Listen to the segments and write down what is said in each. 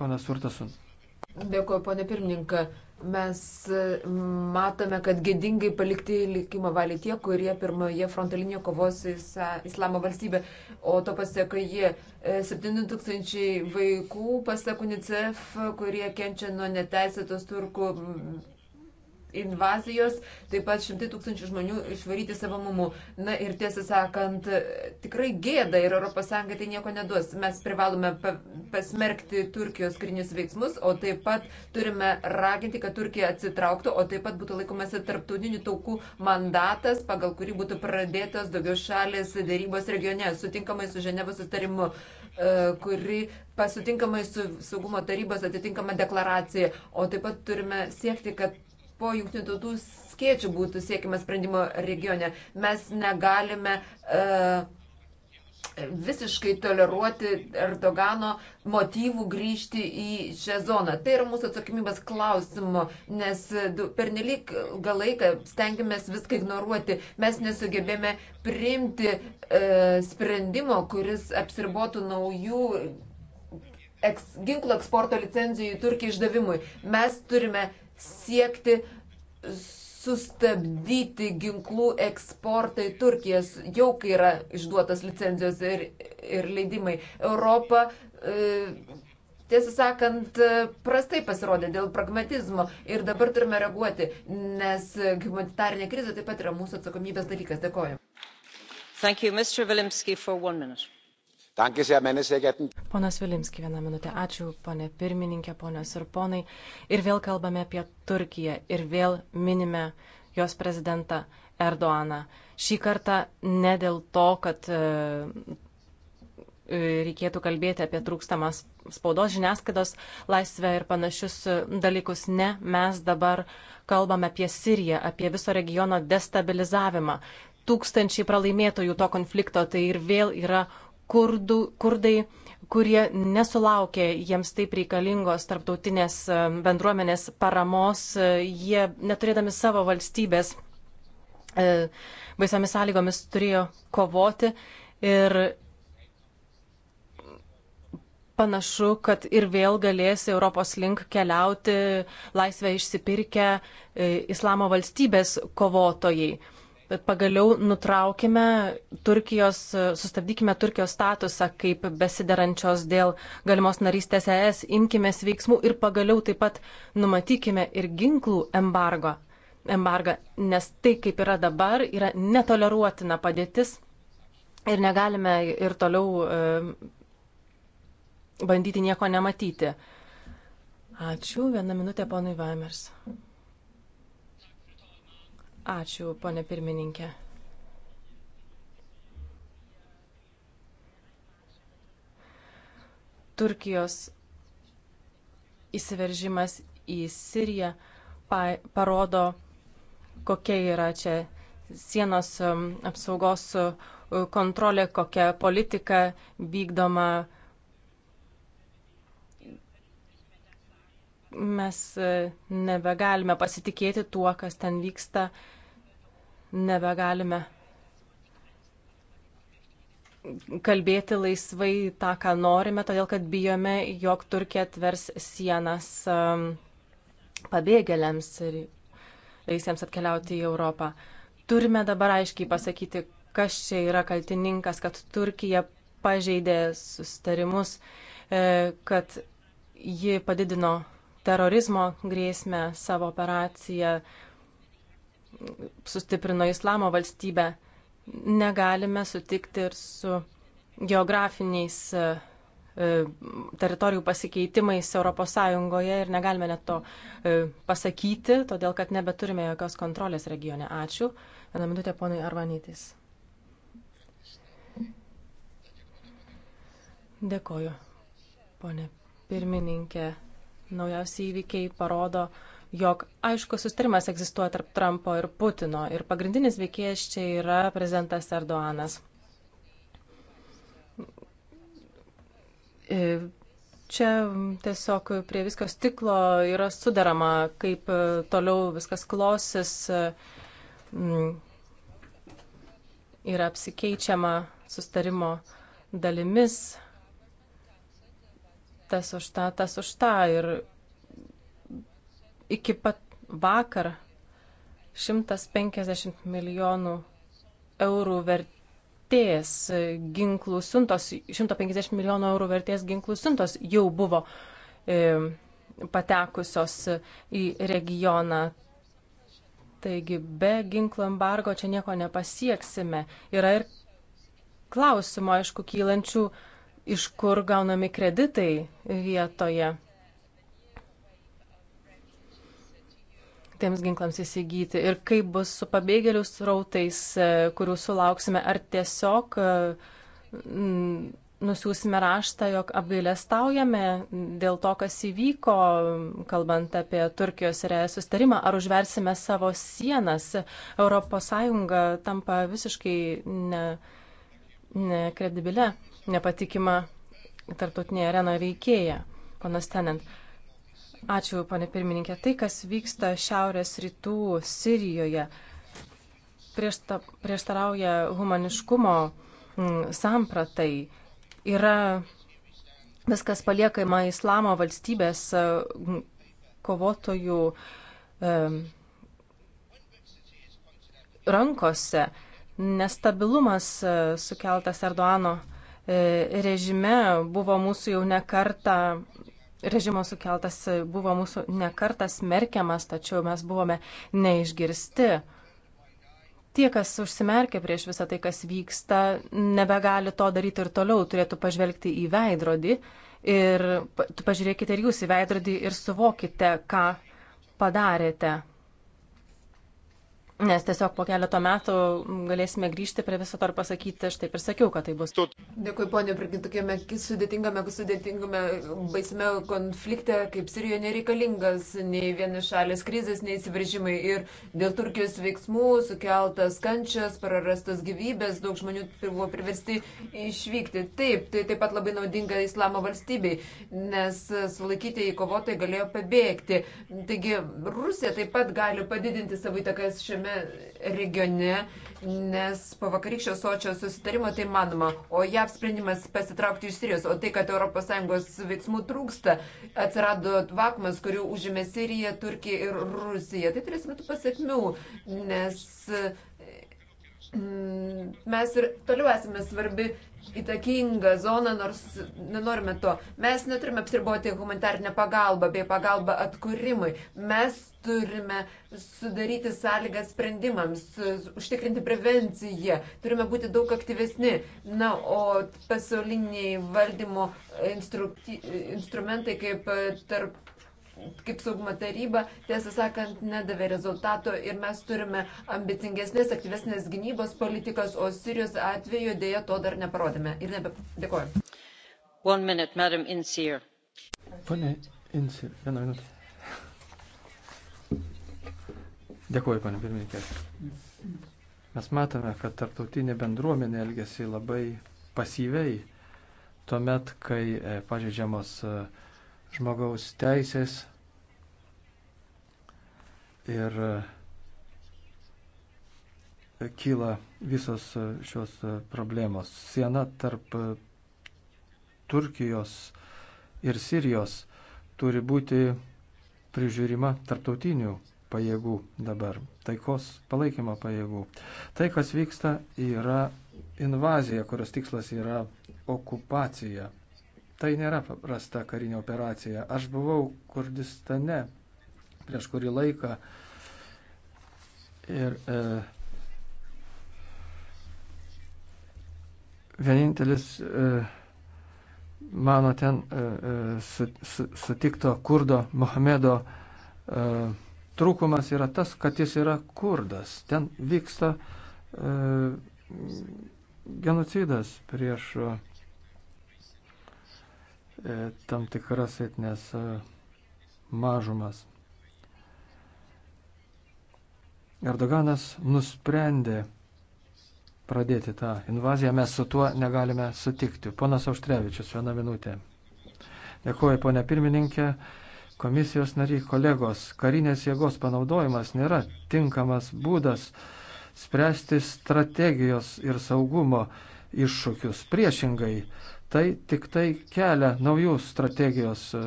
Panas Urtasun. Dėkuoju, ponė pirmininka. Mes mm, matome, kad gėdingai palikti likimo valį tie, kurie pirmoje frontalinėje kovos su islamo valstybė, o to pasiekoje 7000 e, vaikų, pasak UNICEF, kurie kenčia nuo neteisėtos turkų invazijos, taip pat šimtai tūkstančių žmonių išvaryti savo mumų. Na ir tiesą sakant, tikrai gėda ir ES tai nieko neduos. Mes privalome pasmerkti Turkijos karinius veiksmus, o taip pat turime raginti, kad Turkija atsitrauktų, o taip pat būtų laikomasi tarptautinių taukų mandatas, pagal kurį būtų pradėtos daugiau šalės dėrybos regione, sutinkamai su Ženevos sustarimu, e, kuri pasutinkamai su saugumo tarybos atitinkama deklaracija. O taip pat turime siekti, kad po jungtinių tautų skėčių būtų siekiama sprendimo regione. Mes negalime uh, visiškai toleruoti Erdogano motyvų grįžti į šią zoną. Tai yra mūsų atsakomybės klausimo, nes e, pernelyg ilgą laiką stengiamės viską ignoruoti. Mes nesugebėjome priimti e, sprendimo, kuris apsirbotų naujų eks, ginklų eksporto licenzijų į Turkiją išdavimui. Mes turime siekti sustabdyti ginklų eksportą į Turkiją, jau kai yra išduotas licenzijos ir, ir leidimai. Europa, e, tiesą sakant, prastai pasirodė dėl pragmatizmo ir dabar turime reaguoti, nes humanitarinė krizė taip pat yra mūsų atsakomybės dalykas. Dėkoju. Thank you, Mr. Vilimsky, for one minute. Ponas Vilimski, vieną minutę. Ačiū, ponė pirmininkė, ponios ir ponai. Ir vėl kalbame apie Turkiją ir vėl minime jos prezidentą Erdoaną. Šį kartą ne dėl to, kad e, e, reikėtų kalbėti apie trūkstamas spaudos žiniasklaidos laisvę ir panašius e, dalykus. Ne, mes dabar kalbame apie Siriją, apie viso regiono destabilizavimą. Tūkstančiai pralaimėtojų to konflikto tai ir vėl yra kurdu, kurdai, kurie nesulaukė jiems taip reikalingos tarptautinės e, bendruomenės paramos, e, jie neturėdami savo valstybės e, baisomis sąlygomis turėjo kovoti ir panašu, kad ir vėl galės Europos link keliauti laisvę išsipirkę islamo valstybės kovotojai bet pagaliau nutraukime Turkijos, sustabdykime Turkijos statusą kaip besiderančios dėl galimos narystės ES, imkime veiksmų ir pagaliau taip pat numatykime ir ginklų embargo. Embarga, nes tai, kaip yra dabar, yra netoleruotina padėtis ir negalime ir toliau e, bandyti nieko nematyti. Ačiū. Vieną minutę ponui Vaimers. Ačiū, ponė pirmininkė. Turkijos įsiveržimas į Siriją pa parodo, kokia yra čia sienos um, apsaugos uh, kontrolė, kokia politika vykdoma. Mes uh, nebegalime pasitikėti tuo, kas ten vyksta nebegalime kalbėti laisvai tą, ką norime, todėl kad bijome, jog Turkija atvers sienas um, pabėgėliams ir leisiems atkeliauti į Europą. Turime dabar aiškiai pasakyti, kas čia yra kaltininkas, kad Turkija pažeidė sustarimus, e, kad ji padidino terorizmo grėsmę savo operaciją sustiprino islamo valstybę, negalime sutikti ir su geografiniais e, e, teritorijų pasikeitimais ES ir negalime net to e, pasakyti, todėl kad nebeturime jokios kontrolės regione. Ačiū. Vieną minutę, ponai Arvanytis. Dėkoju, ponė pirmininkė. Naujausi įvykiai parodo, jog aišku sustarimas egzistuoja tarp Trumpo ir Putino ir pagrindinis veikėjas čia yra prezidentas Erdoanas. E, čia tiesiog prie visko stiklo yra sudarama, kaip toliau viskas klosis, e, yra apsikeičiama sustarimo dalimis, tas už tą, tas už tą ir iki pat vakar 150 milijonų eurų vertės ginklų siuntos, 150 milijonų eurų vertės ginklų siuntos jau buvo e, patekusios į regioną. Taigi be ginklų embargo čia nieko nepasieksime. Yra ir klausimų, aišku, kylančių, iš kur gaunami kreditai vietoje. tiems ginklams įsigyti ir kaip bus su pabėgėlių srautais, e, kurių sulauksime, ar tiesiog e, nusiųsime raštą, jog apgailestaujame dėl to, kas įvyko, kalbant apie Turkijos ir ES sustarimą, ar užversime savo sienas. ES tampa visiškai ne, nekredibile, nepatikima tarptautinėje arenoje veikėja, panas tenant. Ačiū, pane pirmininkė. Tai, kas vyksta šiaurės rytų Sirijoje, priešta, prieštarauja humaniškumo m, mm, sampratai. Yra viskas paliekama islamo valstybės m, mm, kovotojų m, rankose. Nestabilumas e, sukeltas Erdoano e, režime buvo mūsų jau nekarta režimo sukeltas buvo mūsų nekartas merkiamas, tačiau mes buvome neišgirsti. Tie, kas užsimerkia prieš visą tai, kas vyksta, nebegali to daryti ir toliau, turėtų pažvelgti į veidrodį ir pažiūrėkite ir jūs į veidrodį ir suvokite, ką padarėte. Nes tiesiog po keleto metų galėsime grįžti prie viso to ir pasakyti, aš taip ir sakiau, kad tai bus. Dėkui, ponė, tokiame sudėtingame, sudėtingame, baisime konflikte, kaip Sirijoje nereikalingas nei vienas šalės krizės, nei įsiveržimai. Ir dėl Turkijos veiksmų sukeltas kančias, prarastas gyvybės, daug žmonių buvo priversti išvykti. Taip, tai taip pat labai naudinga islamo valstybei, nes sulaikyti į kovotojai galėjo pabėgti. Taigi Rusija taip pat gali padidinti savo įtakas šiame visame regione, nes po vakarykščio sočio susitarimo tai manoma, o JAV sprendimas pasitraukti iš Sirijos, o tai, kad ES veiksmų trūksta, atsirado vakumas, kurį užėmė Sirija, Turkija ir Rusija. Tai turės metų pasiekmių, nes mm, mes ir toliau esame svarbi įtakinga zona, nors nenorime to. Mes neturime apsiriboti humanitarnę pagalbą bei pagalbą atkūrimui. Mes turime sudaryti sąlygas sprendimams, užtikrinti prevenciją, turime būti daug aktyvesni. Na, o pasauliniai valdymo instrumentai kaip tarp kaip saugumo taryba, tiesą sakant, nedavė rezultato ir mes turime ambicingesnės, aktyvesnės gynybos politikos, o Sirijos atveju dėja to dar neparodėme. Ir nebe... dėkoju. One minute, madam Insir. Pone Insir, vieną minutę. Dėkuoju, panė pirmininkė. Mes matome, kad tarptautinė bendruomenė elgesi labai pasyviai tuomet, kai e, pažeidžiamos e, žmogaus teisės ir e, kyla visos šios problemos. Siena tarp Turkijos ir Sirijos turi būti prižiūrima tarptautinių pajėgų dabar, taikos palaikymo pajėgų. Tai, kas vyksta, yra invazija, kurios tikslas yra okupacija. Tai nėra paprasta karinė operacija. Aš buvau Kurdistane prieš kurį laiką ir e, vienintelis e, mano ten e, e su, su, sutikto kurdo Mohamedo e, trūkumas yra tas, kad jis yra kurdas. Ten vyksta e, genocidas prieš e, tam tikras etnės e, mažumas. Erdoganas nusprendė pradėti tą invaziją, mes su tuo negalime sutikti. Ponas Auštrevičius, vieną minutę. Dėkuoju, ponė pirmininkė. E, Komisijos nariai, kolegos, karinės jėgos panaudojimas nėra tinkamas būdas spręsti strategijos ir saugumo iššūkius. Priešingai, tai tik tai kelia naujų strategijos e,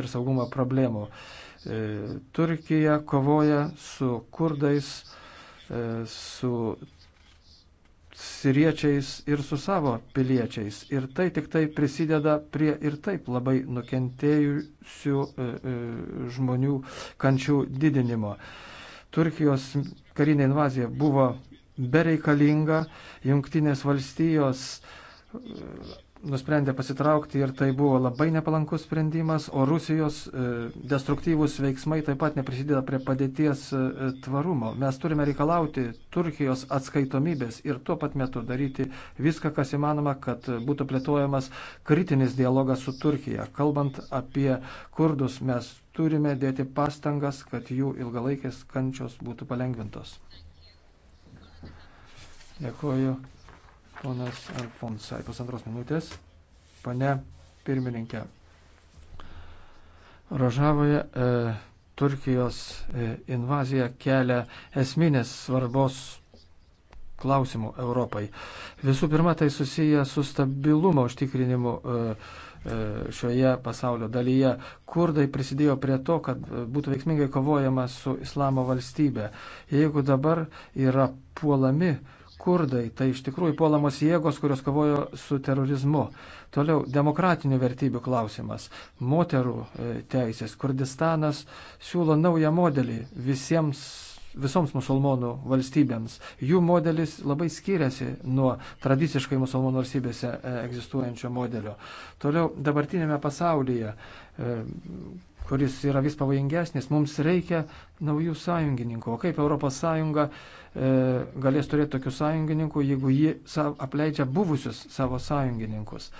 ir saugumo problemų. E, Turkija kovoja su kurdais, e, su siriečiais ir su savo piliečiais. Ir tai tik tai prisideda prie ir taip labai nukentėjusių e, e, žmonių kančių didinimo. Turkijos karinė invazija buvo bereikalinga, jungtinės valstijos e, nusprendė pasitraukti ir tai buvo labai nepalankus sprendimas, o Rusijos e, destruktyvūs veiksmai taip pat neprisideda prie padėties e, tvarumo. Mes turime reikalauti Turkijos atskaitomybės ir tuo pat metu daryti viską, kas įmanoma, kad būtų plėtojamas kritinis dialogas su Turkija. Kalbant apie kurdus, mes turime dėti pastangas, kad jų ilgalaikės kančios būtų palengvintos. Dėkuoju. Ponas Alfonsai, pusantros minutės. Pane pirmininkė. Rožavoje e, Turkijos e, invazija kelia esminės svarbos klausimų Europai. Visų pirma, tai susiję su stabilumo užtikrinimu e, e, šioje pasaulio dalyje. Kurdai prisidėjo prie to, kad būtų veiksmingai kovojama su islamo valstybė. Jeigu dabar yra puolami kurdai, tai iš tikrųjų puolamos jėgos, kurios kovojo su terorizmu. Toliau demokratinių vertybių klausimas, moterų e, teisės. Kurdistanas siūlo naują modelį visiems, visoms musulmonų valstybėms. Jų modelis labai skiriasi nuo tradiciškai musulmonų valstybėse e, egzistuojančio modelio. Toliau dabartinėme pasaulyje e, kuris yra vis pavojingesnis, mums reikia naujų sąjungininkų. O kaip ES e, galės turėti tokių sąjungininkų, jeigu ji sav, apleidžia buvusius savo sąjungininkus?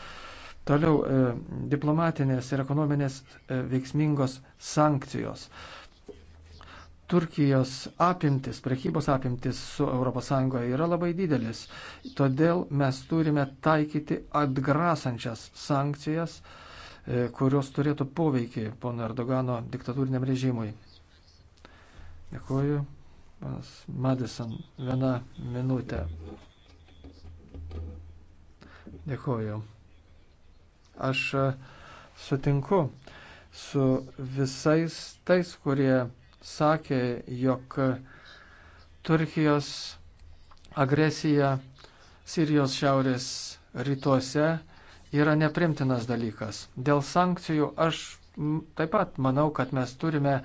Toliau e, diplomatinės ir ekonominės e, veiksmingos sankcijos. Turkijos apimtis, prekybos apimtis su ES yra labai didelis. Todėl mes turime taikyti atgrasančias sankcijas e, E, kurios turėtų poveikį pono Erdogano diktatūriniam režimui. Dėkuoju. Panas Madison, viena minutė. Dėkuoju. Aš e, sutinku su visais tais, kurie sakė, jog Turkijos agresija Sirijos šiaurės rytuose yra neprimtinas dalykas. Dėl sankcijų aš taip pat manau, kad mes turime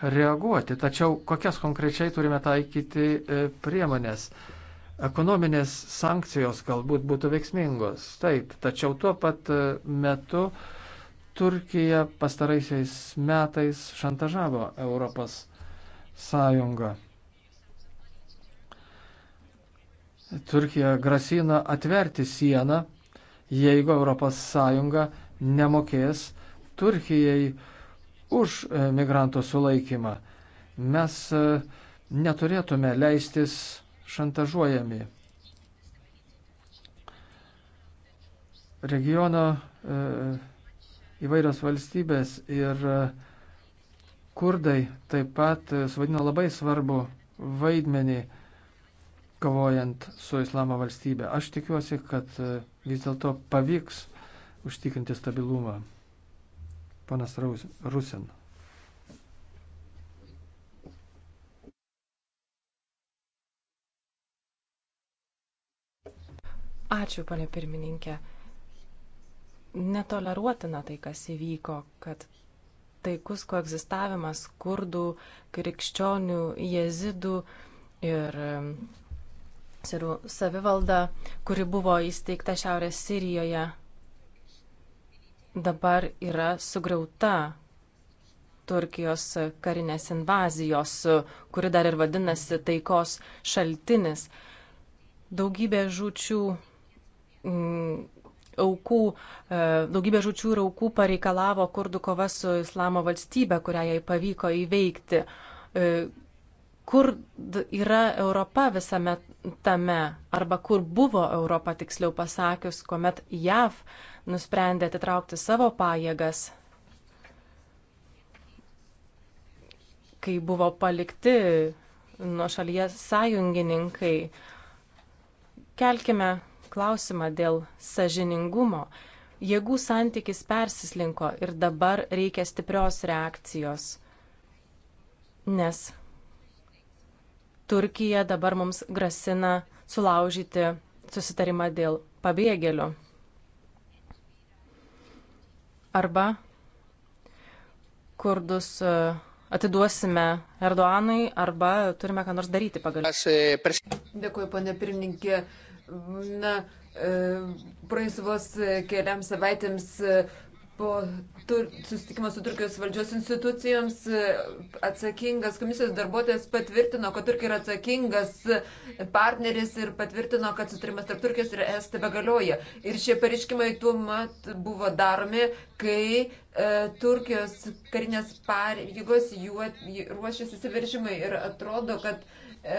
reaguoti, tačiau kokias konkrečiai turime taikyti e, priemonės. Ekonominės sankcijos galbūt būtų veiksmingos, taip, tačiau tuo pat e, metu Turkija pastaraisiais metais šantažavo Europos Sąjungą. Turkija grasina atverti sieną jeigu ES nemokės Turkijai už e, migrantų sulaikymą. Mes e, neturėtume leistis šantažuojami. Regiono e, įvairios valstybės ir kurdai taip pat suvadino labai svarbu vaidmenį kovojant su Islamo valstybė. Aš tikiuosi, kad vis dėlto pavyks užtikrinti stabilumą. Panas Rusin. Ačiū, panė pirmininkė. Netoleruotina tai, kas įvyko, kad taikus koegzistavimas kurdų, krikščionių, jezidų ir Sirų savivalda, kuri buvo įsteigta Šiaurės Sirijoje, dabar yra sugriauta Turkijos karinės invazijos, kuri dar ir vadinasi taikos šaltinis. Daugybė žučių m, mm, aukų, e, daugybė žučių ir aukų pareikalavo kurdų kova su islamo valstybe, kurią jai pavyko įveikti. E, kur yra Europa visame tame, arba kur buvo Europa, tiksliau pasakius, kuomet JAV nusprendė atitraukti savo pajėgas, kai buvo palikti nuo šalyje sąjungininkai. Kelkime klausimą dėl sažiningumo. Jėgų santykis persislinko ir dabar reikia stiprios reakcijos, nes Turkija dabar mums grasina sulaužyti susitarimą dėl pabėgėlių. Arba kurdus e, atiduosime Erdoanui arba turime ką nors daryti pagal. E, Dėkuoju, ponė pirmininkė. Na, e, praeis vos keliams savaitėms po susitikimo su Turkijos valdžios institucijoms e, atsakingas komisijos darbuotojas patvirtino, kad Turkija yra atsakingas partneris ir patvirtino, kad sutarimas tarp Turkijos ir ES tebe galioja. Ir šie pareiškimai tuo mat buvo daromi, kai e, Turkijos karinės pareigos ruošiasi įsiveržimai ir atrodo, kad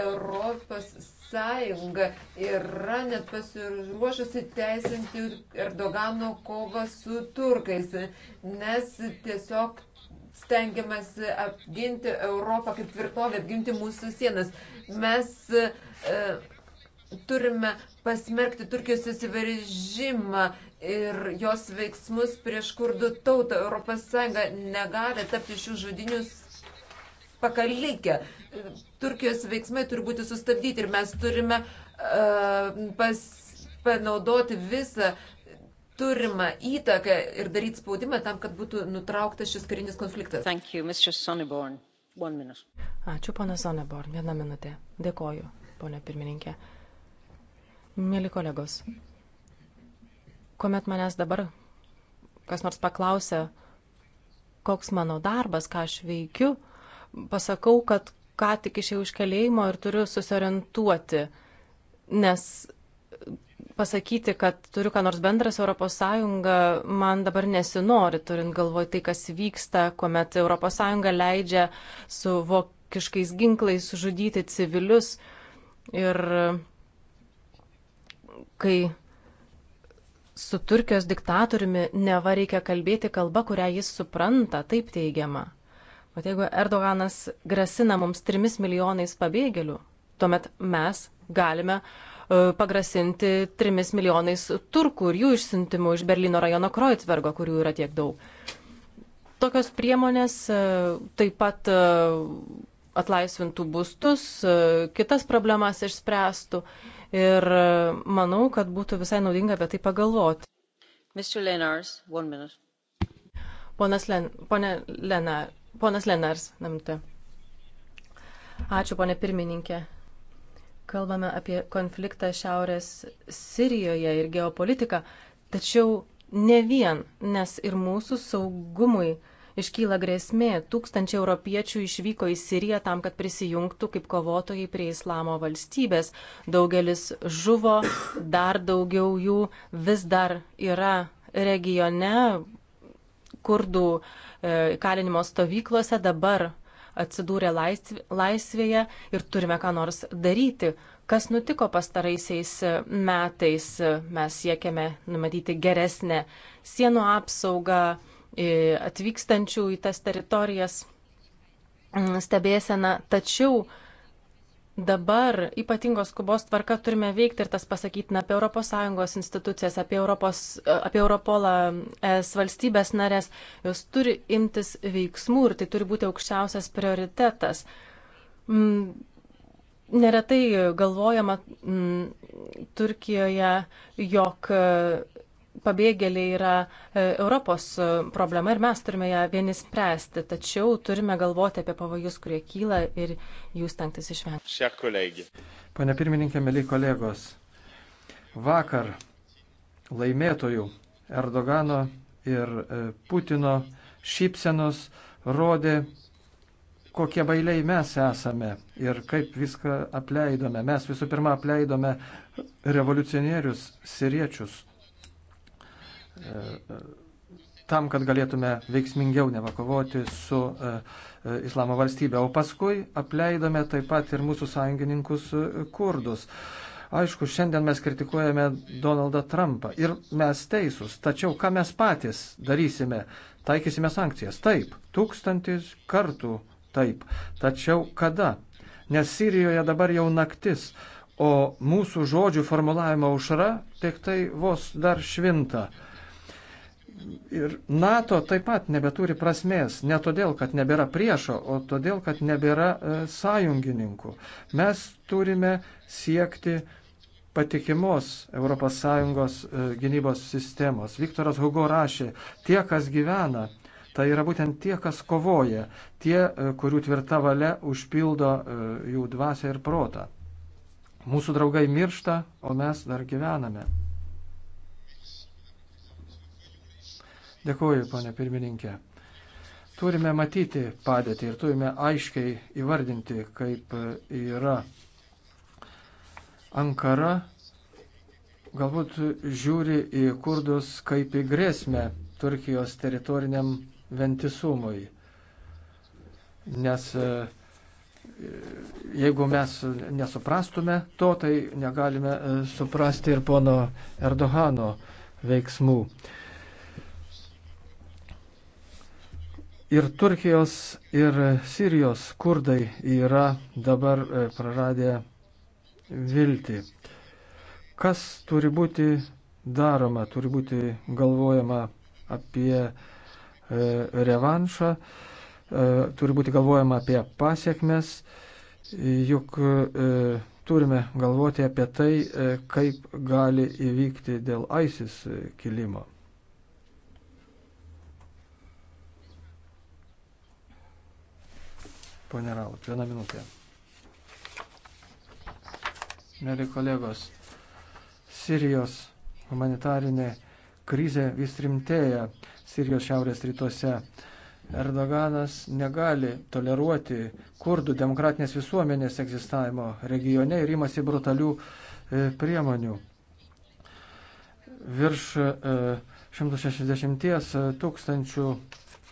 Europos Sąjunga yra net pasiruošusi teisinti Erdogano kovą su turkais, nes tiesiog stengiamasi apginti Europą kaip tvirtovę, apginti mūsų sienas. Mes e, turime pasmerkti Turkijos įsiveržimą ir jos veiksmus prieš kurdų tautą. ES negali tapti šių žudinių pakalikę. Turkijos veiksmai turi būti sustabdyti ir mes turime uh, pas, panaudoti visą turimą įtaką ir daryti spaudimą tam, kad būtų nutrauktas šis karinis konfliktas. Thank you, Ačiū, pana Soneborn. Vieną minutę. Dėkoju, ponia pirmininkė. Mėly kolegos, kuomet manęs dabar kas nors paklausė, koks mano darbas, ką aš veikiu, uh, pasakau, kad ką tik išėjau iš kalėjimo ir turiu susiorientuoti, nes pasakyti, kad turiu ką nors bendras Europos Sąjunga, man dabar nesinori, turint galvoje tai, kas vyksta, kuomet Europos Sąjunga leidžia su vokiškais ginklais žudyti civilius. Ir kai su Turkijos diktatoriumi neva reikia kalbėti kalba, kurią jis supranta, taip teigiama. Bet jeigu Erdoganas grasina mums trimis milijonais pabėgėlių, tuomet mes galime e, pagrasinti trimis milijonais turkų ir jų išsiuntimų iš Berlyno rajono Kreuzbergo, kurių yra tiek daug. Tokios priemonės e, taip pat e, atlaisvintų būstus, kitas problemas išspręstų ir manau, kad būtų visai naudinga apie tai pagalvoti. Mr. Lenars, one minute. Ponas Len, ponė Lena, Ponas Lenars, namte. Ačiū, ponė pirmininkė. Kalbame apie konfliktą Šiaurės Sirijoje ir geopolitiką, tačiau ne vien, nes ir mūsų saugumui iškyla grėsmė. Tūkstančiai europiečių išvyko į Siriją tam, kad prisijungtų kaip kovotojai prie islamo valstybės. Daugelis žuvo, dar daugiau jų vis dar yra regione, kurdų e, kalinimo stovyklose, dabar atsidūrė laisvėje ir turime ką nors daryti. Kas nutiko pastaraisiais e, metais, e, mes siekiame numatyti geresnę sienų apsaugą atvykstančių į tas teritorijas mm, stebėseną, tačiau dabar ypatingos skubos tvarka turime veikti ir tas pasakytina apie ES institucijas, apie, Europos, apie Europolą, es valstybės narės, jos turi imtis veiksmų ir tai turi būti aukščiausias prioritetas. Mm, neretai galvojama mm, Turkijoje, jog pabėgėliai yra e, Europos e, problema ir mes turime ją vieni spręsti, tačiau turime galvoti apie pavojus, kurie kyla ir jų stengtis išvengti. Šią kolegį. Pane pirmininkė, mėly kolegos, vakar laimėtojų Erdogano ir e, Putino šypsenos rodė, kokie bailiai mes esame ir kaip viską apleidome. Mes visų pirma apleidome revoliucionierius, siriečius, tam, kad galėtume veiksmingiau nevakovoti su e, e, Islamo valstybė. O paskui apleidome taip pat ir mūsų sąjungininkus e, kurdus. Aišku, šiandien mes kritikuojame Donaldą Trumpą ir mes teisūs, tačiau ką mes patys darysime, taikysime sankcijas. Taip, tūkstantis kartų taip, tačiau kada? Nes Sirijoje dabar jau naktis, o mūsų žodžių formulavimo aušra tik tai vos dar švinta. Ir NATO taip pat nebeturi prasmės, ne todėl, kad nebėra priešo, o todėl, kad nebėra e, sąjungininkų. Mes turime siekti patikimos ES e, gynybos sistemos. Viktoras Hugo rašė, tie, kas gyvena, tai yra būtent tie, kas kovoja, tie, e, kurių tvirta valia užpildo jų dvasę ir protą. Mūsų draugai miršta, o mes dar gyvename. Dėkuoju, ponė pirmininkė. Turime matyti padėtį ir turime aiškiai įvardinti, kaip yra Ankara galbūt žiūri į kurdus kaip į grėsmę Turkijos teritoriniam ventisumui. Nes e, jeigu mes nesuprastume to, tai negalime e, suprasti ir pono Erdogano veiksmų. Ir Turkijos, ir Sirijos kurdai yra dabar e, praradę viltį. Kas turi būti daroma? Turi būti galvojama apie e, revanšą, e, turi būti galvojama apie pasiekmes, juk turime galvoti apie tai, kaip gali įvykti dėl ISIS kilimo. Pone Raut, vieną minutę. Mėly kolegos, Sirijos humanitarinė krizė vis rimtėja Sirijos šiaurės rytuose. Erdoganas negali toleruoti kurdų demokratinės visuomenės egzistavimo regione ir imasi brutalių e, priemonių. Virš 160 e, e, tūkstančių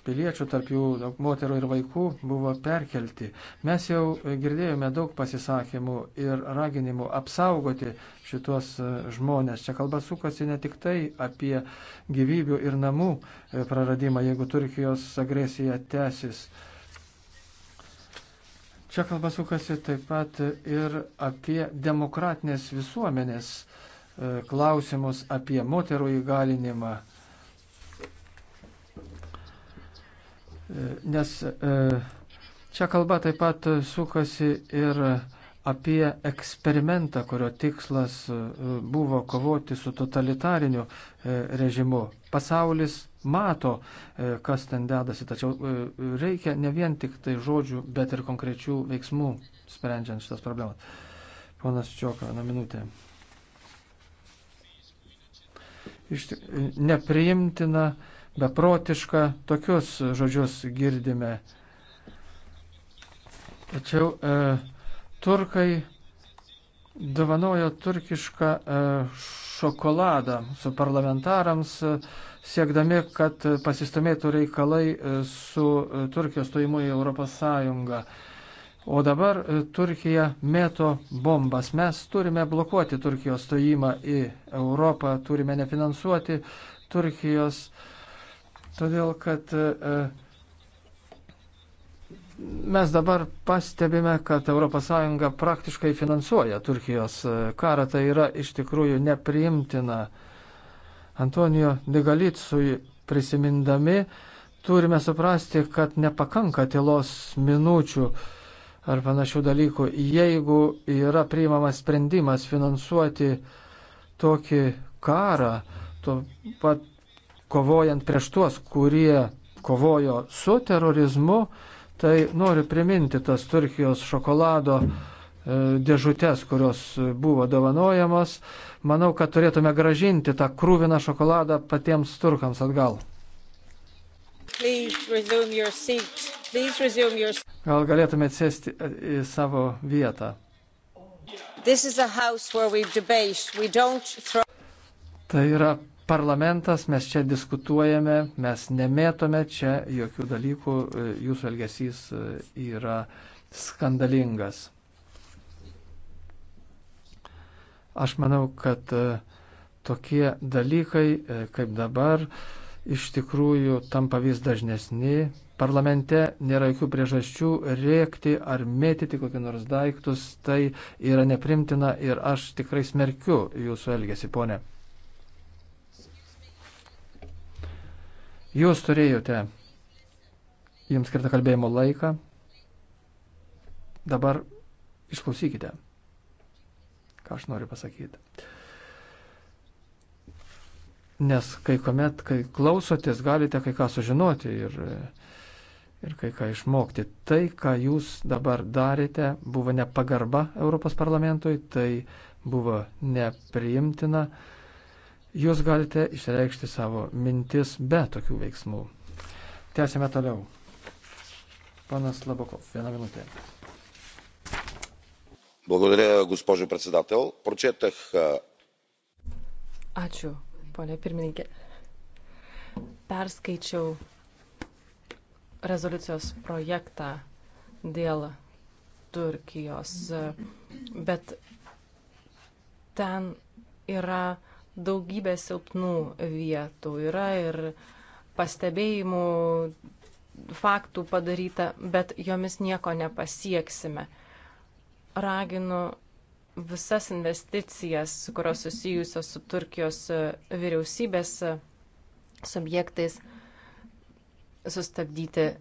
piliečių, tarp jų daug moterų ir vaikų, buvo perkelti. Mes jau girdėjome daug pasisakymų ir raginimų apsaugoti šitos e, žmonės. Čia kalba sukasi ne tik tai apie gyvybių ir namų e, praradimą, jeigu Turkijos agresija tęsis. Čia kalba sukasi taip pat ir apie demokratinės visuomenės e, klausimus, apie moterų įgalinimą nes e, čia kalba taip pat sukasi ir apie eksperimentą, kurio tikslas e, buvo kovoti su totalitariniu e, režimu. Pasaulis mato, kas ten dedasi, tačiau reikia ne vien tik tai žodžių, bet ir konkrečių veiksmų sprendžiant šitas problemas. Ponas Čioka, na minutė. Iš, nepriimtina beprotiška, tokius žodžius girdime. Tačiau e, turkai dovanojo turkišką e, šokoladą su parlamentarams, e, siekdami, kad pasistumėtų reikalai e, su e, Turkijos stojimu į Europos Sąjungą. O dabar Turkija mėto bombas. Mes turime blokuoti Turkijos stojimą į Europą, turime nefinansuoti Turkijos uh, Todėl, kad e, e, mes dabar pastebime, kad ES praktiškai finansuoja Turkijos e, karą. Tai yra iš tikrųjų nepriimtina. Antonijo Degalicui prisimindami turime suprasti, kad nepakanka tylos minučių ar panašių dalykų. Jeigu yra priimamas sprendimas finansuoti tokį karą, tuo pat kovojant prieš tuos, kurie kovojo su terorizmu, tai noriu priminti tas Turkijos šokolado e, dėžutės, kurios buvo dovanojamos. Manau, kad turėtume gražinti tą krūviną šokoladą patiems turkams atgal. Your... Gal galėtumėte sėsti į savo vietą? Throw... Tai yra parlamentas, mes čia diskutuojame, mes nemėtome čia jokių dalykų, e, jūsų elgesys e, yra skandalingas. Aš manau, kad e, tokie dalykai, kaip dabar, iš tikrųjų tampa vis dažnesni. Parlamente nėra jokių priežasčių rėkti ar mėtyti kokį nors daiktus. Tai yra neprimtina ir aš tikrai smerkiu jūsų elgesį, ponė. Jūs turėjote jums skirtą kalbėjimo laiką. Dabar išklausykite, ką aš noriu pasakyti. Nes kai kuomet, kai klausotės, galite kai ką sužinoti ir, ir kai ką išmokti. Tai, ką jūs dabar darėte, buvo nepagarba Europos parlamentui, tai buvo nepriimtina. Uh, Jūs galite išreikšti savo mintis be tokių veiksmų. Tęsime toliau. Panas Labokov, vieną minutę. Благодаря, госпожо председател. Прочетах. Ačiū, ponė pirmininkė. Perskaičiau rezoliucijos projektą dėl Turkijos, bet ten yra uh, daugybė silpnų vietų. Yra ir pastebėjimų, faktų padaryta, bet jomis nieko nepasieksime. Raginu visas investicijas, kurios susijusios su Turkijos vyriausybės subjektais, sustabdyti.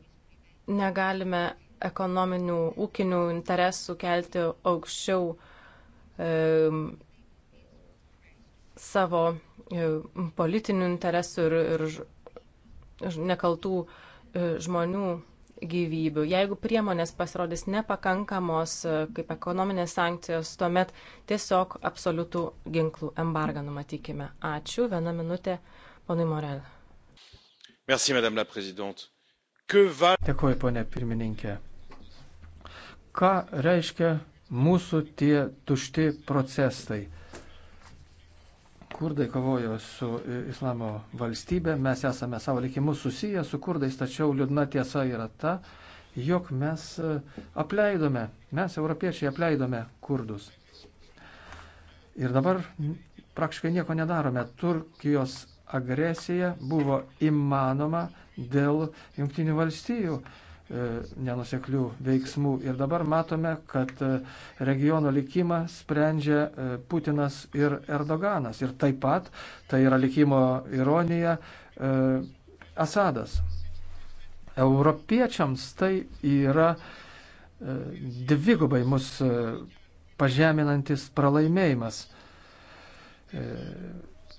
Negalime ekonominių, ūkinių interesų kelti aukščiau. E, savo e, politinių interesų ir, ir nekaltų e, žmonių gyvybių. Jeigu priemonės pasirodys nepakankamos, e, kaip ekonominės sankcijos, tuomet tiesiog absoliutų ginklų embargą numatykime. Ačiū. Viena minutė, ponui Morel. Merci, madame la présidente. Va... Dėkuoju, ponė pirmininkė. Ką reiškia mūsų tie tušti procesai? kurdai kovojo su islamo valstybė, mes esame savo likimus susiję su kurdais, tačiau liūdna tiesa yra ta, jog mes e, apleidome, mes europiečiai apleidome kurdus. Ir dabar praktiškai nieko nedarome. Turkijos agresija buvo įmanoma dėl jungtinių valstybių E, nenuseklių veiksmų. Ir dabar matome, kad e, regiono likimą sprendžia e, Putinas ir Erdoganas. Ir taip pat, tai yra likimo ironija, Asadas. Europiečiams tai yra dvigubai mus pažeminantis pralaimėjimas